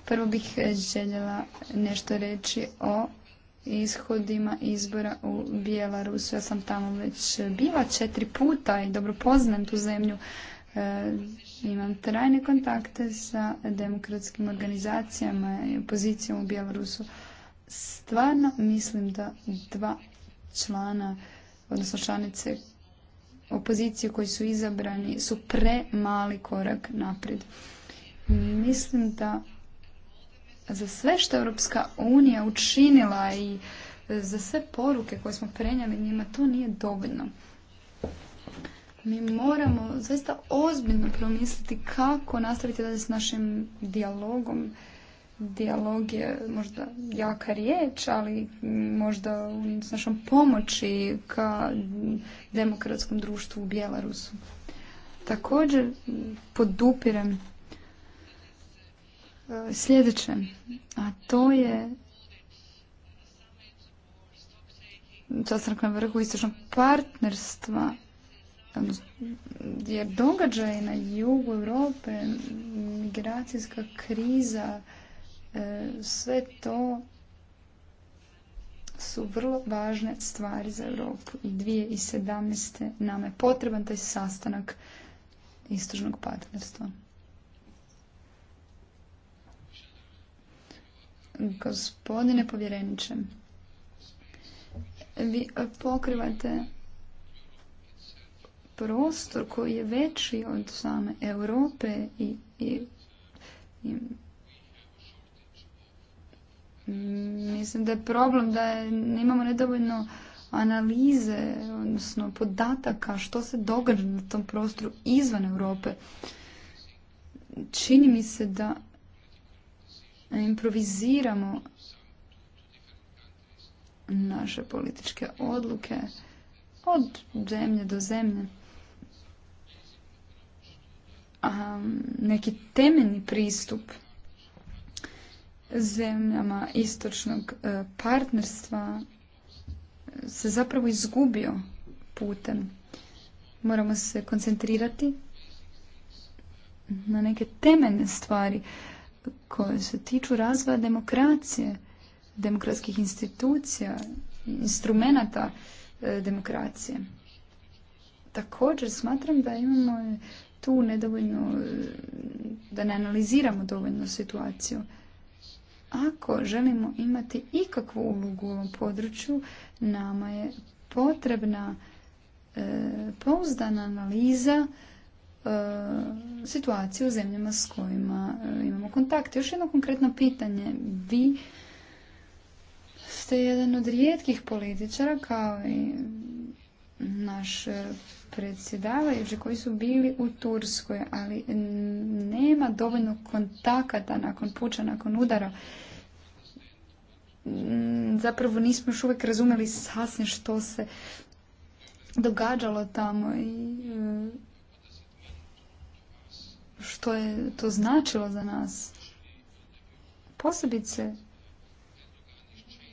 Prvo bih e, željela nešto reći o ishodima izbora u Bjelarusu. Ja sam tamo već bila četiri puta i dobro poznam tu zemlju. E, imam trajne kontakte sa demokratskim organizacijama i opozicijom u Bjelarusu. Stvarno mislim da dva člana, odnosno članice opozicije koji su izabrani su premali korak naprijed. Mislim da za sve što je Europska unija učinila i e, za sve poruke koje smo prenijeli njima, to nije dovoljno. Mi moramo zaista ozbiljno promisliti kako nastaviti dalje s našim dijalogom. Dijalog je možda jaka riječ, ali možda s našom pomoći ka demokratskom društvu u Bjelarusu. Također podupirem sljedeće, a to je sastanak na vrhu istočnog partnerstva jer događaj na jugu Europe, migracijska kriza, e, sve to su vrlo važne stvari za Europu. I 2017. nam je potreban taj sastanak istočnog partnerstva. Gospodine povjereniče, vi pokrivate prostor koji je veći od same Europe i, i, mislim da je problem da je, nemamo nedovoljno analize, odnosno podataka što se događa na tom prostoru izvan Europe. Čini mi se da improviziramo naše političke odluke od zemlje do zemlje. A neki temeljni pristup zemljama istočnog e, partnerstva se zapravo izgubio putem. Moramo se koncentrirati na neke temeljne stvari koje se tiču razvoja demokracije, demokratskih institucija, instrumenata e, demokracije. Također smatram da imamo tu nedovoljno, e, da ne analiziramo dovoljno situaciju. Ako želimo imati ikakvu ulogu u ovom području, nama je potrebna e, pouzdana analiza E, situaciju u zemljama s kojima e, imamo kontakt. Još jedno konkretno pitanje. Vi ste jedan od rijetkih političara kao i naš predsjedavajući koji su bili u Turskoj, ali nema dovoljno kontakata nakon puča, nakon udara. Zapravo nismo još uvijek razumeli sasvim što se događalo tamo i e, što je to značilo za nas. Posebice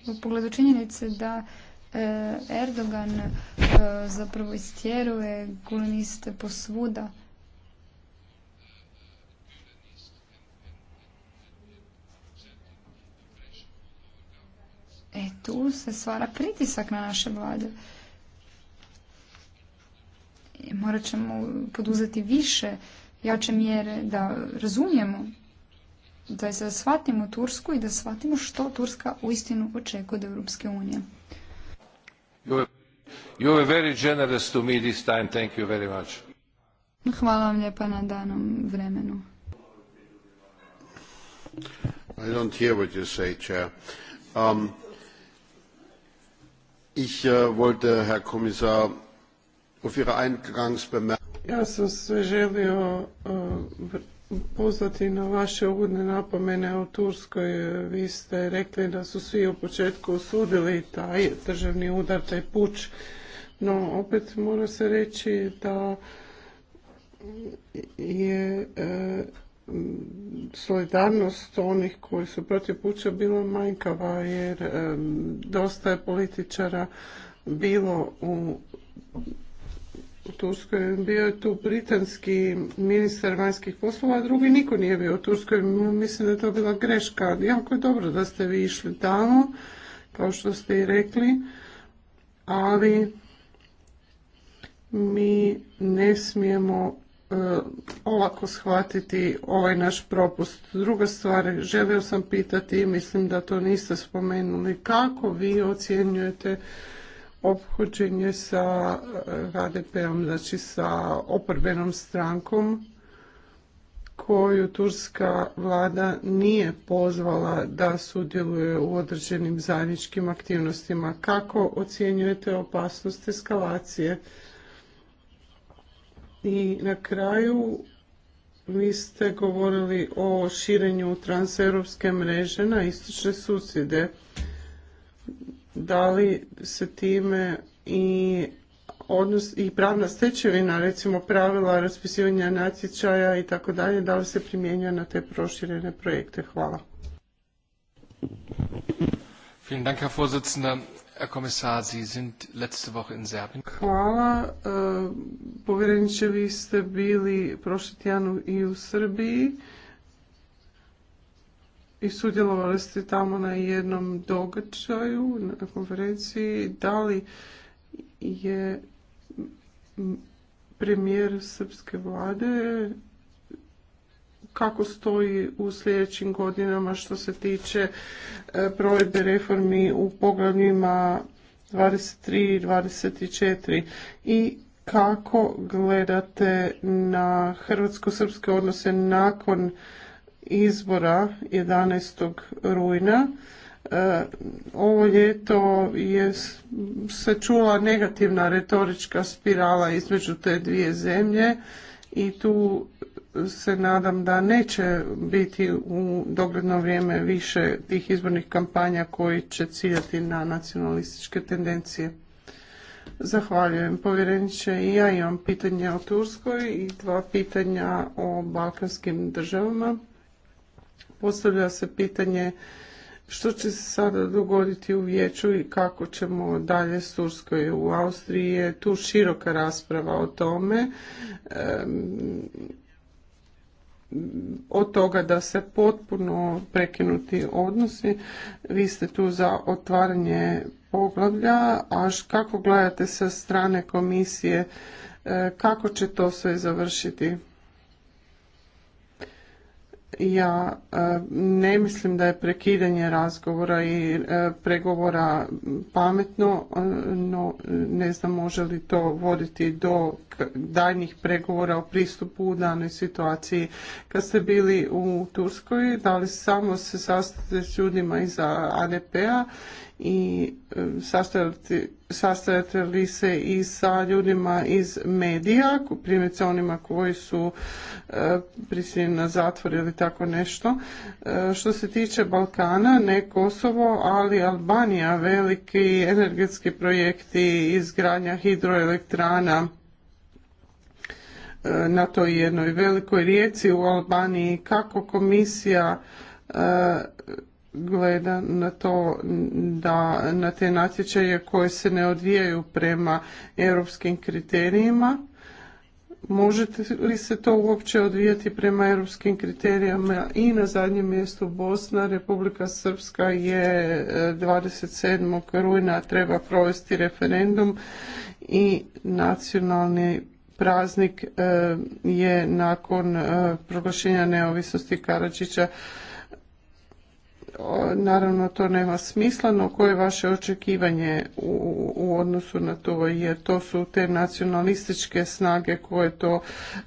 u pogledu činjenice da e, Erdogan e, zapravo istjeruje guleniste posvuda. E tu se stvara pritisak na naše vlade. E, morat ćemo poduzeti više jače mjere, da razumijemo, da se shvatimo Tursku i da shvatimo što Turska uistinu očekuje od Europske unije. You were very generous to me this time. Thank you very much. Hvala vam lijepa na danom vremenu. I don't hear what you say, Chair. Um, ich uh, wollte, Herr Kommissar, ja sam se želio uh, pozvati na vaše uvodne napomene o Turskoj. Uh, vi ste rekli da su svi u početku osudili taj državni udar, taj puč. No, opet mora se reći da je uh, solidarnost onih koji su protiv puča bila manjkava jer um, dosta je političara bilo u u Turskoj. Bio je tu britanski ministar vanjskih poslova, a drugi niko nije bio u Turskoj. Mislim da je to bila greška. Jako je dobro da ste vi išli tamo, kao što ste i rekli, ali mi ne smijemo e, olako shvatiti ovaj naš propust. Druga stvar, želio sam pitati i mislim da to niste spomenuli, kako vi ocjenjujete ophođenje sa HDP-om, eh, znači sa oporbenom strankom koju turska vlada nije pozvala da sudjeluje u određenim zajedničkim aktivnostima. Kako ocjenjujete opasnost eskalacije? I na kraju vi ste govorili o širenju transeuropske mreže na istočne susjede da li se time i odnos i pravna stečevina, recimo pravila raspisivanja natječaja i tako dalje, da li se primjenjuje na te proširene projekte? Hvala. Vielen Dank, Herr Hvala. E, povjereniče, vi ste bili prošli tjedan i u Srbiji i sudjelovali ste tamo na jednom događaju, na konferenciji. Da li je premijer srpske vlade kako stoji u sljedećim godinama što se tiče e, provedbe reformi u poglavljima 23 i 24 i kako gledate na hrvatsko-srpske odnose nakon izbora 11. rujna. E, ovo ljeto je se čula negativna retorička spirala između te dvije zemlje i tu se nadam da neće biti u dogledno vrijeme više tih izbornih kampanja koji će ciljati na nacionalističke tendencije. Zahvaljujem povjereniče i ja imam pitanja o Turskoj i dva pitanja o balkanskim državama. Postavlja se pitanje što će se sada dogoditi u vijeću i kako ćemo dalje s Turskoj. U Austriji je tu široka rasprava o tome. od toga da se potpuno prekinuti odnosi. Vi ste tu za otvaranje poglavlja, a kako gledate sa strane komisije e, kako će to sve završiti? ja e, ne mislim da je prekidanje razgovora i e, pregovora pametno, e, no ne znam može li to voditi do daljnjih pregovora o pristupu u danoj situaciji. Kad ste bili u Turskoj, da li samo se sastate s ljudima iza ADP-a i e, sastojati, li se i sa ljudima iz medija, primjerice onima koji su e, prisiljeni na zatvor ili tako nešto. E, što se tiče Balkana, ne Kosovo, ali Albanija, veliki energetski projekti, izgradnja hidroelektrana, na toj jednoj velikoj rijeci u Albaniji, kako komisija gleda na to da na te natječaje koje se ne odvijaju prema europskim kriterijima. Možete li se to uopće odvijati prema europskim kriterijama i na zadnjem mjestu Bosna, Republika Srpska je 27. E, rujna treba provesti referendum i nacionalni praznik e, je nakon e, proglašenja neovisnosti Karadžića naravno to nema smisla, no koje je vaše očekivanje u, odnosu na to, jer to su te nacionalističke snage koje to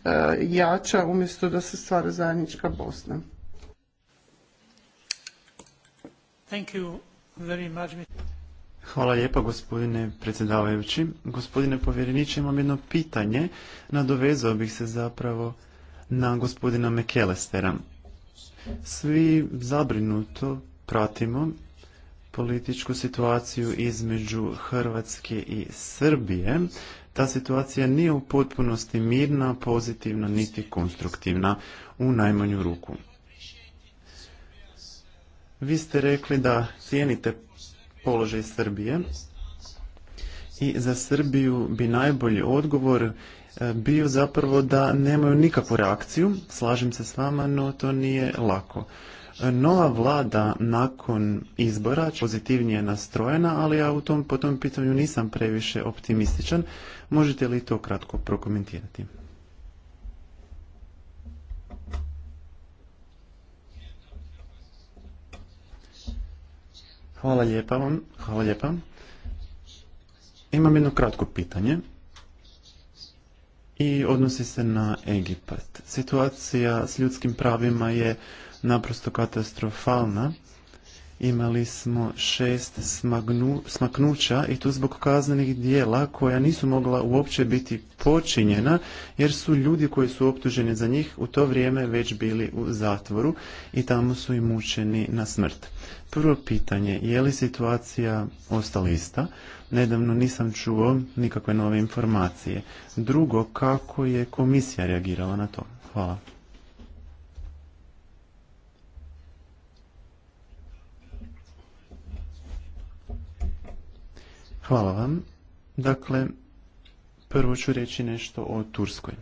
e, jača umjesto da se stvara zajednička Bosna. Thank you very much. Hvala lijepa gospodine predsjedavajući. Gospodine povjereniče, imam jedno pitanje. Nadovezao bih se zapravo na gospodina Mekelestera. Svi zabrinuto pratimo političku situaciju između Hrvatske i Srbije. Ta situacija nije u potpunosti mirna, pozitivna niti konstruktivna u najmanju ruku. Vi ste rekli da cijenite položaj Srbije i za Srbiju bi najbolji odgovor E, bio zapravo da nemaju nikakvu reakciju. Slažem se s vama, no to nije lako. Nova vlada nakon izbora pozitivnije nastrojena, ali ja u tom, po tom pitanju nisam previše optimističan. Možete li to kratko prokomentirati? Hvala lijepa vam. Hvala lijepa. Imam jedno kratko pitanje i odnosi se na Egipat. Situacija s ljudskim pravima je naprosto katastrofalna imali smo šest smagnu, smaknuća i to zbog kaznenih dijela koja nisu mogla uopće biti počinjena jer su ljudi koji su optuženi za njih u to vrijeme već bili u zatvoru i tamo su i mučeni na smrt. Prvo pitanje, je li situacija ostala ista? Nedavno nisam čuo nikakve nove informacije. Drugo, kako je komisija reagirala na to? Hvala. Hvala vam. Dakle, prvo ću reći nešto o Turskoj.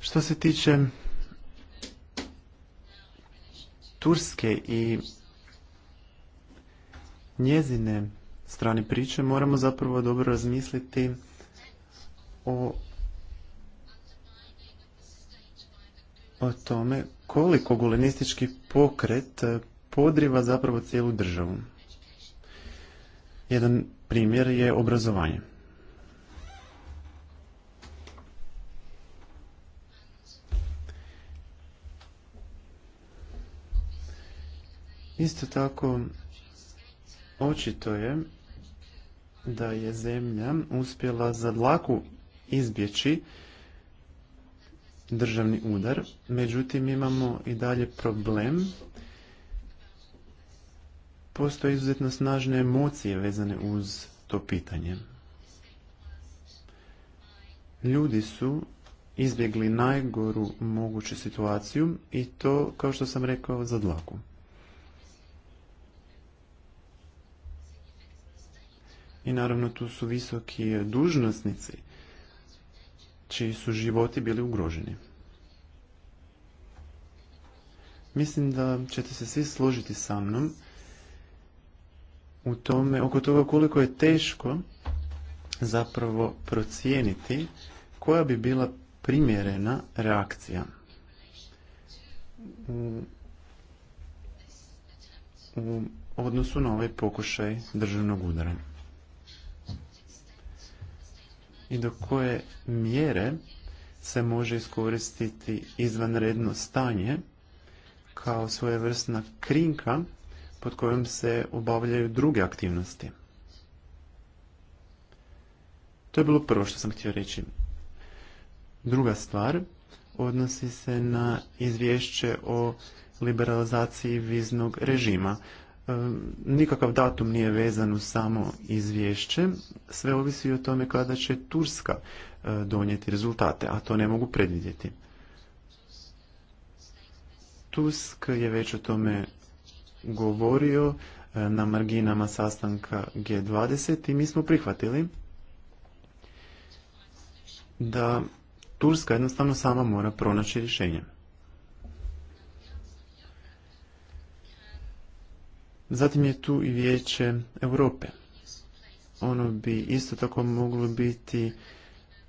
Što se tiče Turske i njezine strane priče, moramo zapravo dobro razmisliti o o tome koliko golenistički pokret e, podriva zapravo cijelu državu. Jedan primjer je obrazovanje. Isto tako, očito je da je zemlja uspjela za dlaku izbjeći državni udar, međutim imamo i dalje problem. Postoje izuzetno snažne emocije vezane uz to pitanje. Ljudi su izbjegli najgoru moguću situaciju i to, kao što sam rekao, za dlaku. I naravno tu su visoki dužnosnici čiji su životi bili ugroženi. Mislim da ćete se svi složiti sa mnom u tome, oko toga koliko je teško zapravo procijeniti koja bi bila primjerena reakcija. U, u odnosu na ovaj pokušaj državnog udara i do koje mjere se može iskoristiti izvanredno stanje kao svojevrsna krinka pod kojom se obavljaju druge aktivnosti. To je bilo prvo što sam htio reći. Druga stvar odnosi se na izvješće o liberalizaciji viznog režima. Nikakav datum nije vezan u samo izvješće, sve ovisi o tome kada će Turska e, donijeti rezultate, a to ne mogu predvidjeti. Tusk je već o tome govorio e, na marginama sastanka G20 i mi smo prihvatili da Turska jednostavno sama mora pronaći rješenje. Zatim je tu i vijeće Europe. Ono bi isto tako moglo biti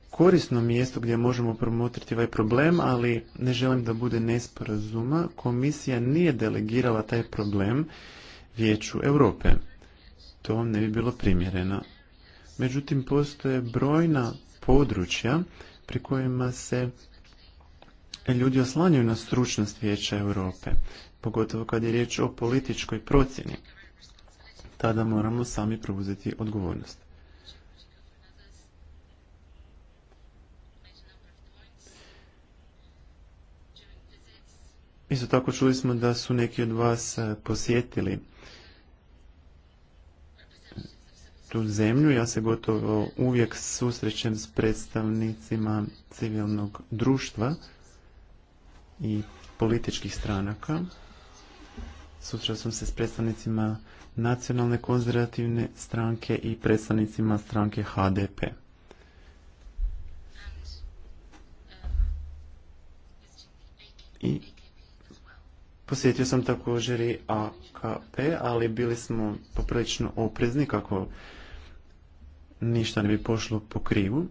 korisno mjesto gdje možemo promotriti ovaj problem, ali ne želim da bude nesporazuma. Komisija nije delegirala taj problem vijeću Europe. To ne bi bilo primjereno. Međutim, postoje brojna područja pri kojima se ljudi oslanjaju na stručnost Vijeća Europe pogotovo kad je riječ o političkoj procjeni. Tada moramo sami preuzeti odgovornost. Isto tako čuli smo da su neki od vas e, posjetili tu zemlju. Ja se gotovo uvijek susrećem s predstavnicima civilnog društva i političkih stranaka. Susreo sam se s predstavnicima nacionalne konzervativne stranke i predstavnicima stranke HDP. I posjetio sam također i AKP, ali bili smo poprilično oprezni kako ništa ne bi pošlo po krivu.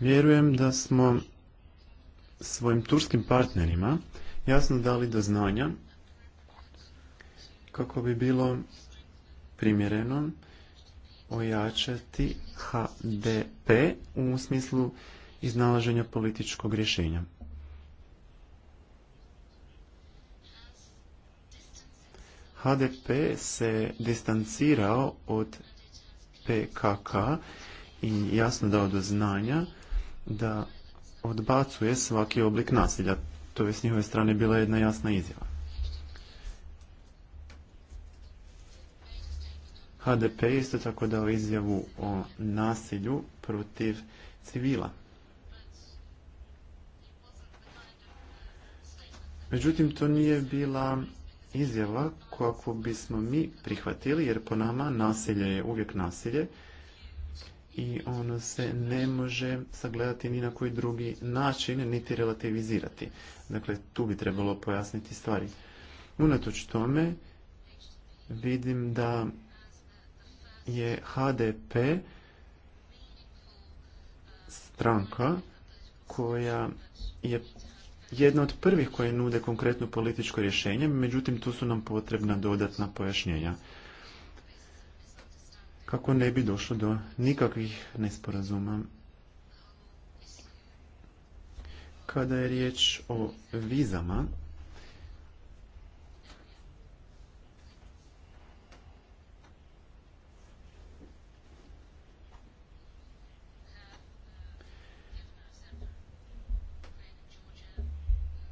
Vjerujem da smo svojim turskim partnerima jasno dali do znanja kako bi bilo primjereno ojačati HDP u smislu iznalaženja političkog rješenja. HDP se distancirao od PKK i jasno dao do znanja da odbacuje svaki oblik nasilja. To je s njihove strane bila jedna jasna izjava. HDP je isto tako dao izjavu o nasilju protiv civila. Međutim, to nije bila izjava kako bismo mi prihvatili, jer po nama nasilje je uvijek nasilje, i ono se ne može sagledati ni na koji drugi način, niti relativizirati. Dakle, tu bi trebalo pojasniti stvari. Unatoč tome, vidim da je HDP stranka koja je jedna od prvih koje nude konkretno političko rješenje, međutim tu su nam potrebna dodatna pojašnjenja kako ne bi došlo do nikakvih nesporazuma. Kada je riječ o vizama,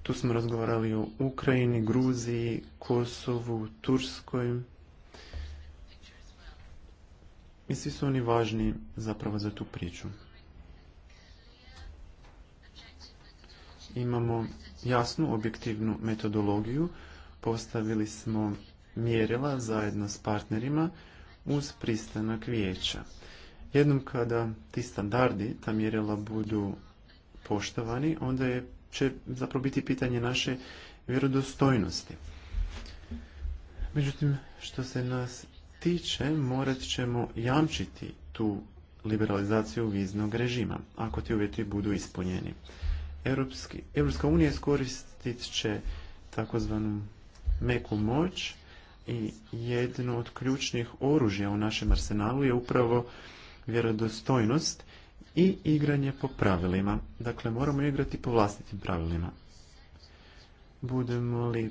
Tu smo razgovarali o Ukrajini, Gruziji, Kosovu, Turskoj i svi su oni važni zapravo za tu priču. Imamo jasnu objektivnu metodologiju, postavili smo mjerila zajedno s partnerima uz pristanak vijeća. Jednom kada ti standardi, ta mjerila budu poštovani, onda je, će zapravo biti pitanje naše vjerodostojnosti. Međutim, što se nas tiče, morat ćemo jamčiti tu liberalizaciju viznog režima, ako ti uvjeti budu ispunjeni. Europski, Europska unija iskoristit će takozvanu meku moć i jedno od ključnih oružja u našem arsenalu je upravo vjerodostojnost i igranje po pravilima. Dakle, moramo igrati po vlastitim pravilima. Budemo li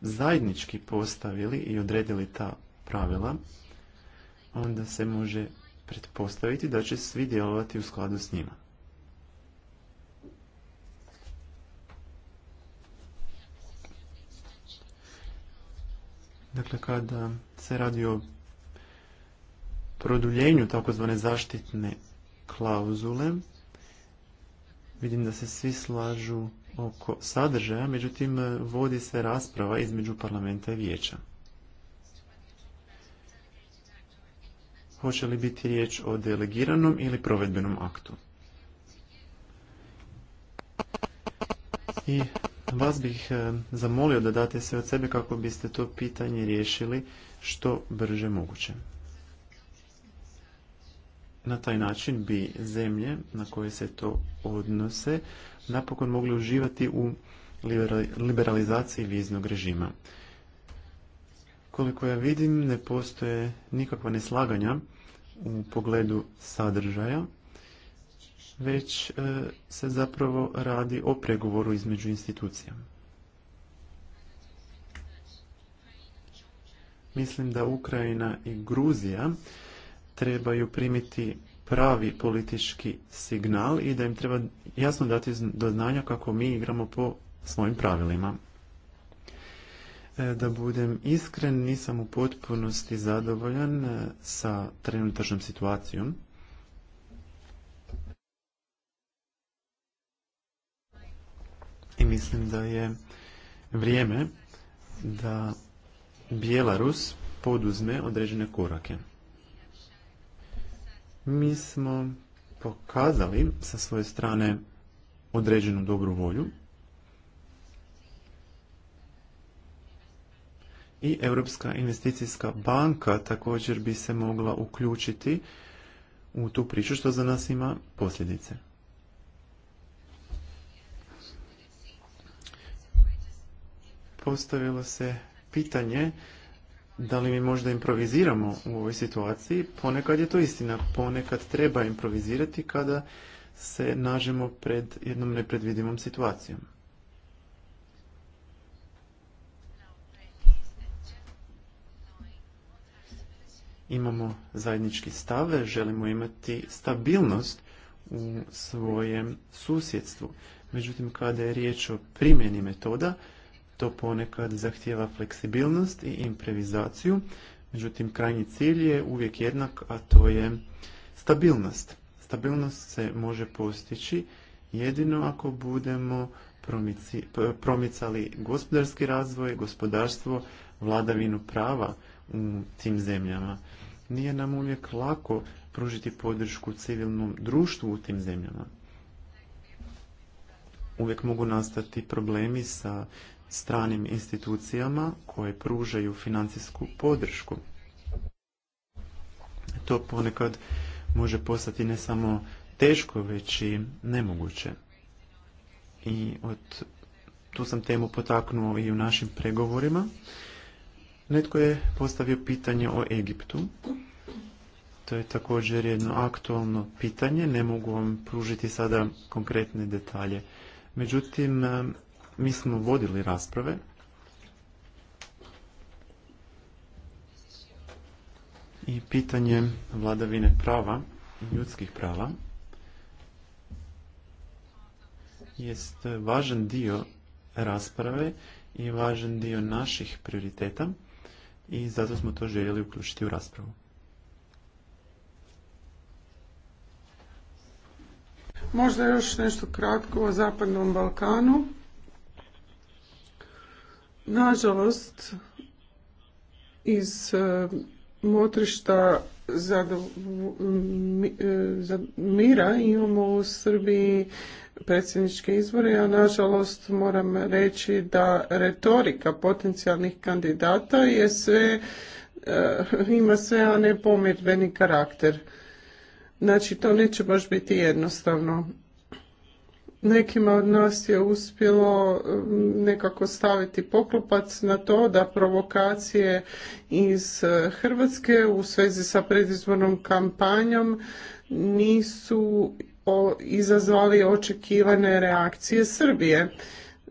zajednički postavili i odredili ta pravila, onda se može pretpostaviti da će svi djelovati u skladu s njima. Dakle, kada se radi o produljenju takozvane zaštitne klauzule, vidim da se svi slažu oko sadržaja, međutim vodi se rasprava između parlamenta i vijeća. hoće li biti riječ o delegiranom ili provedbenom aktu. I vas bih e, zamolio da date sve od sebe kako biste to pitanje riješili što brže moguće. Na taj način bi zemlje na koje se to odnose napokon mogli uživati u liberalizaciji viznog režima. Koliko ja vidim, ne postoje nikakva neslaganja u pogledu sadržaja, već e, se zapravo radi o pregovoru između institucija. Mislim da Ukrajina i Gruzija trebaju primiti pravi politički signal i da im treba jasno dati do znanja kako mi igramo po svojim pravilima. E, da budem iskren, nisam u potpunosti zadovoljan e, sa trenutačnom situacijom. I mislim da je vrijeme da Bjelarus poduzme određene korake. Mi smo pokazali sa svoje strane određenu dobru volju i Europska investicijska banka također bi se mogla uključiti u tu priču što za nas ima posljedice. Postavilo se pitanje da li mi možda improviziramo u ovoj situaciji. Ponekad je to istina, ponekad treba improvizirati kada se nažemo pred jednom nepredvidivom situacijom. imamo zajednički stave, želimo imati stabilnost u svojem susjedstvu. Međutim, kada je riječ o primjeni metoda, to ponekad zahtjeva fleksibilnost i improvizaciju. Međutim, krajnji cilj je uvijek jednak, a to je stabilnost. Stabilnost se može postići jedino ako budemo promicali gospodarski razvoj, gospodarstvo, vladavinu prava, u tim zemljama. Nije nam uvijek lako pružiti podršku civilnom društvu u tim zemljama. Uvijek mogu nastati problemi sa stranim institucijama koje pružaju financijsku podršku. To ponekad može postati ne samo teško, već i nemoguće. I od, tu sam temu potaknuo i u našim pregovorima Netko je postavio pitanje o Egiptu. To je također jedno aktualno pitanje, ne mogu vam pružiti sada konkretne detalje. Međutim, mi smo vodili rasprave. I pitanje vladavine prava ljudskih prava jest važan dio rasprave i važan dio naših prioriteta i zato smo to željeli uključiti u raspravu. Možda još nešto kratko o Zapadnom Balkanu. Nažalost, iz eh, motrišta e, mira imamo u Srbiji predsjedničke izbore, a nažalost moram reći da retorika potencijalnih kandidata je sve, e, ima sve, a ne pomirbeni karakter. Znači, to neće baš biti jednostavno nekima od nas je uspjelo mm, nekako staviti poklopac na to da provokacije iz e, Hrvatske u svezi sa predizbornom kampanjom nisu izazvali očekivane reakcije Srbije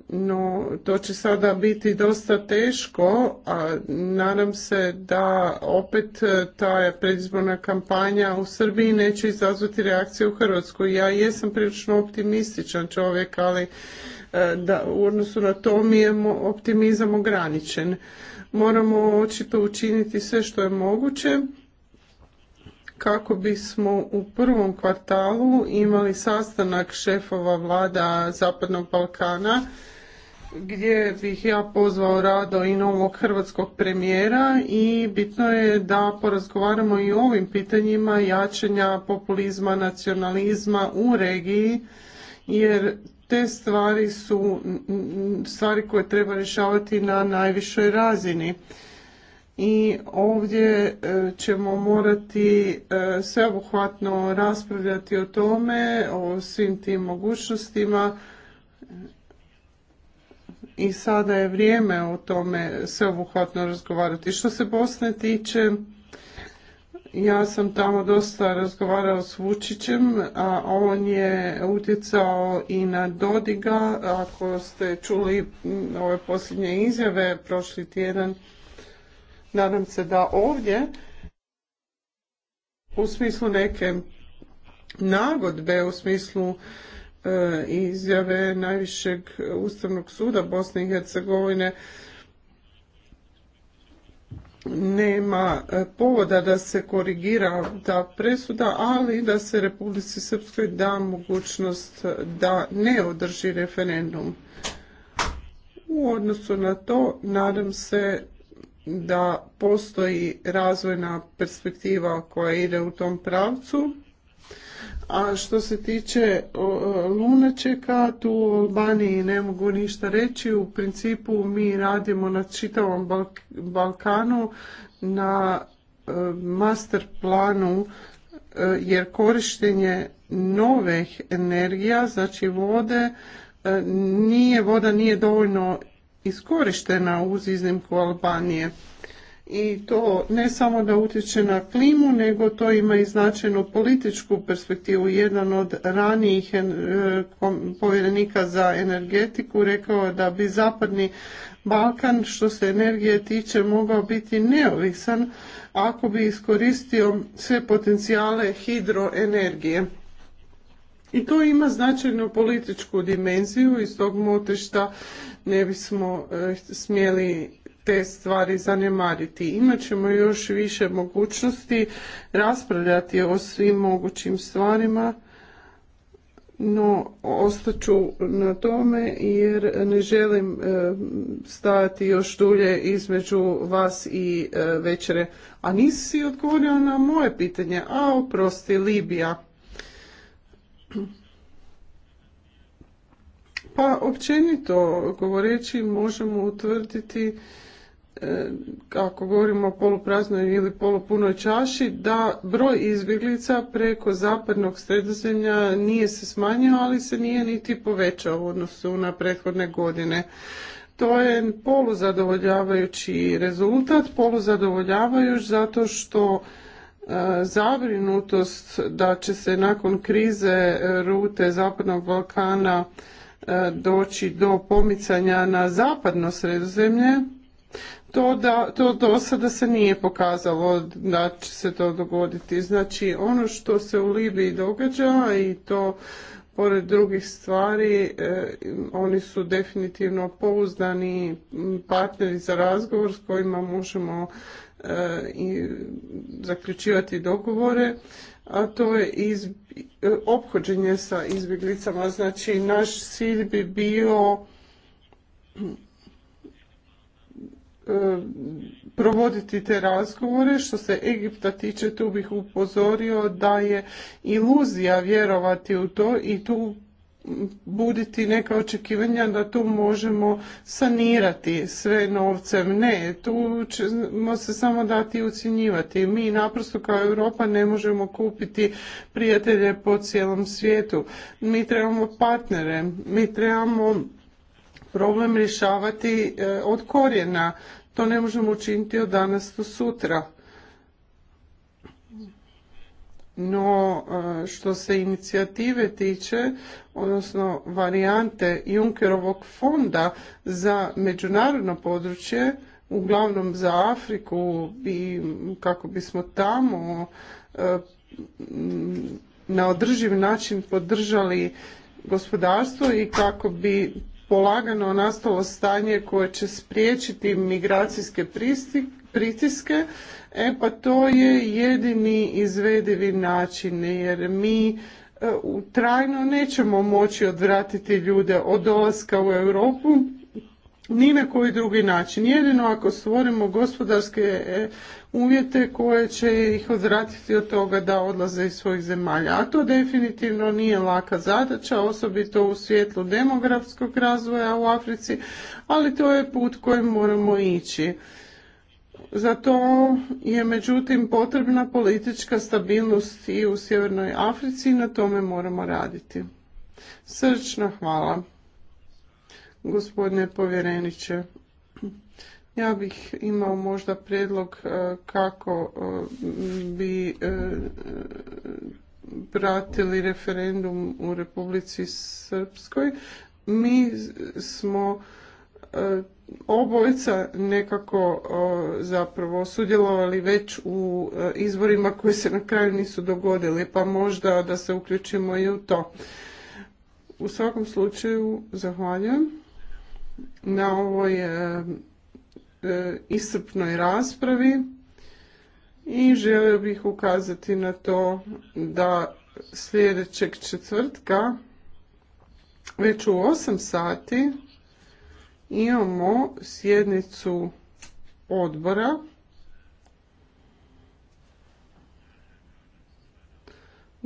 no to će sada biti dosta teško, a nadam se da opet e, ta predizborna kampanja u Srbiji neće izazvati reakciju u Hrvatskoj. Ja jesam prilično optimističan čovjek, ali e, da u odnosu na to mi je optimizam ograničen. Moramo očito učiniti sve što je moguće kako bismo u prvom kvartalu imali sastanak šefova vlada Zapadnog Balkana gdje bih ja pozvao rado i novog hrvatskog premijera i bitno je da porazgovaramo i o ovim pitanjima jačanja populizma, nacionalizma u regiji jer te stvari su stvari koje treba rješavati na najvišoj razini. I ovdje e, ćemo morati e, sveobuhvatno raspravljati o tome, o svim tim mogućnostima i sada je vrijeme o tome sveobuhvatno razgovarati. Što se Bosne tiče, ja sam tamo dosta razgovarao s Vučićem, a on je utjecao i na Dodiga. Ako ste čuli ove posljednje izjave prošli tjedan, nadam se da ovdje u smislu neke nagodbe, u smislu E, izjave najvišeg Ustavnog suda Bosne i Hercegovine nema e, povoda da se korigira ta presuda, ali da se Republici Srpskoj da mogućnost da ne održi referendum. U odnosu na to, nadam se da postoji razvojna perspektiva koja ide u tom pravcu a što se tiče Lunačeka, tu u Albaniji ne mogu ništa reći. U principu mi radimo na čitavom Balkanu na e, master planu e, jer korištenje novih energija, znači vode, e, nije, voda nije dovoljno iskorištena uz iznimku Albanije i to ne samo da utječe na klimu, nego to ima i značajnu političku perspektivu. Jedan od ranijih eh, povjerenika za energetiku rekao da bi zapadni Balkan što se energije tiče mogao biti neovisan ako bi iskoristio sve potencijale hidroenergije. I to ima značajnu političku dimenziju, iz tog motrišta ne bismo eh, smjeli te stvari zanemariti. ćemo još više mogućnosti raspravljati o svim mogućim stvarima, no ostaću na tome jer ne želim e, stajati još dulje između vas i e, večere. A nisi odgovorio na moje pitanje, a oprosti Libija. Pa općenito govoreći možemo utvrditi kako e, govorimo o polupraznoj ili polupunoj čaši, da broj izbjeglica preko zapadnog sredozemlja nije se smanjio, ali se nije niti povećao u odnosu na prethodne godine. To je poluzadovoljavajući rezultat, poluzadovoljavajuć zato što e, zabrinutost da će se nakon krize rute Zapadnog Balkana e, doći do pomicanja na zapadno sredozemlje, to da do sada se nije pokazalo da će se to dogoditi. Znači ono što se u Libiji događa i to pored drugih stvari e, oni su definitivno pouzdani partneri za razgovor s kojima možemo e, i zaključivati dogovore a to je obhođenje ophođenje sa izbjeglicama znači naš cilj bi bio E, provoditi te razgovore. Što se Egipta tiče, tu bih upozorio da je iluzija vjerovati u to i tu buditi neka očekivanja da tu možemo sanirati sve novcem. Ne, tu ćemo se samo dati ucjenjivati. Mi naprosto kao Europa ne možemo kupiti prijatelje po cijelom svijetu. Mi trebamo partnere, mi trebamo problem rješavati e, od korijena. To ne možemo učiniti od danas do sutra. No, e, što se inicijative tiče, odnosno varijante Junckerovog fonda za međunarodno područje, uglavnom za Afriku i kako bismo tamo e, na održiv način podržali gospodarstvo i kako bi polagano nastalo stanje koje će spriječiti migracijske pritiske, e pa to je jedini izvedivi način jer mi e, trajno nećemo moći odvratiti ljude od dolaska u Europu ni na koji drugi način. Jedino ako stvorimo gospodarske e, uvjete koje će ih odvratiti od toga da odlaze iz svojih zemalja. A to definitivno nije laka zadaća, osobito u svijetlu demografskog razvoja u Africi, ali to je put kojim moramo ići. Za to je međutim potrebna politička stabilnost i u Sjevernoj Africi i na tome moramo raditi. Srčno hvala. Gospodine povjereniče, ja bih imao možda predlog e, kako e, bi e, pratili referendum u Republici Srpskoj. Mi smo obojca nekako zapravo sudjelovali već u izborima koji se na kraju nisu dogodili, pa možda da se uključimo i u to. U svakom slučaju, zahvaljujem na ovoj e, e, iscrpnoj raspravi i želio bih ukazati na to da sljedećeg četvrtka već u 8 sati imamo sjednicu odbora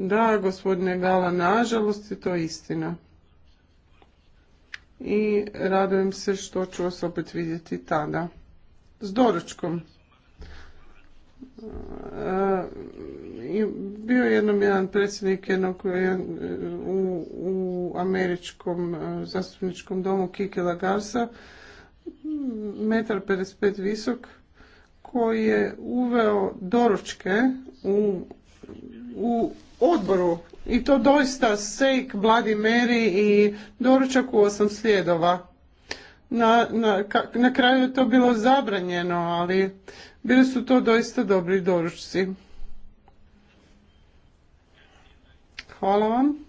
Da, gospodine Gala, nažalost je to istina i radujem se što ću vas opet vidjeti tada. S doručkom. E, bio je jednom jedan predsjednik jednog e, u, u američkom e, zastupničkom domu Kike Lagarsa, metar 55 visok, koji je uveo doručke u odboru i to doista sejk, Bloody meri i doručak u osam slijedova. Na, na, na kraju je to bilo zabranjeno, ali bili su to doista dobri doručci. Hvala vam.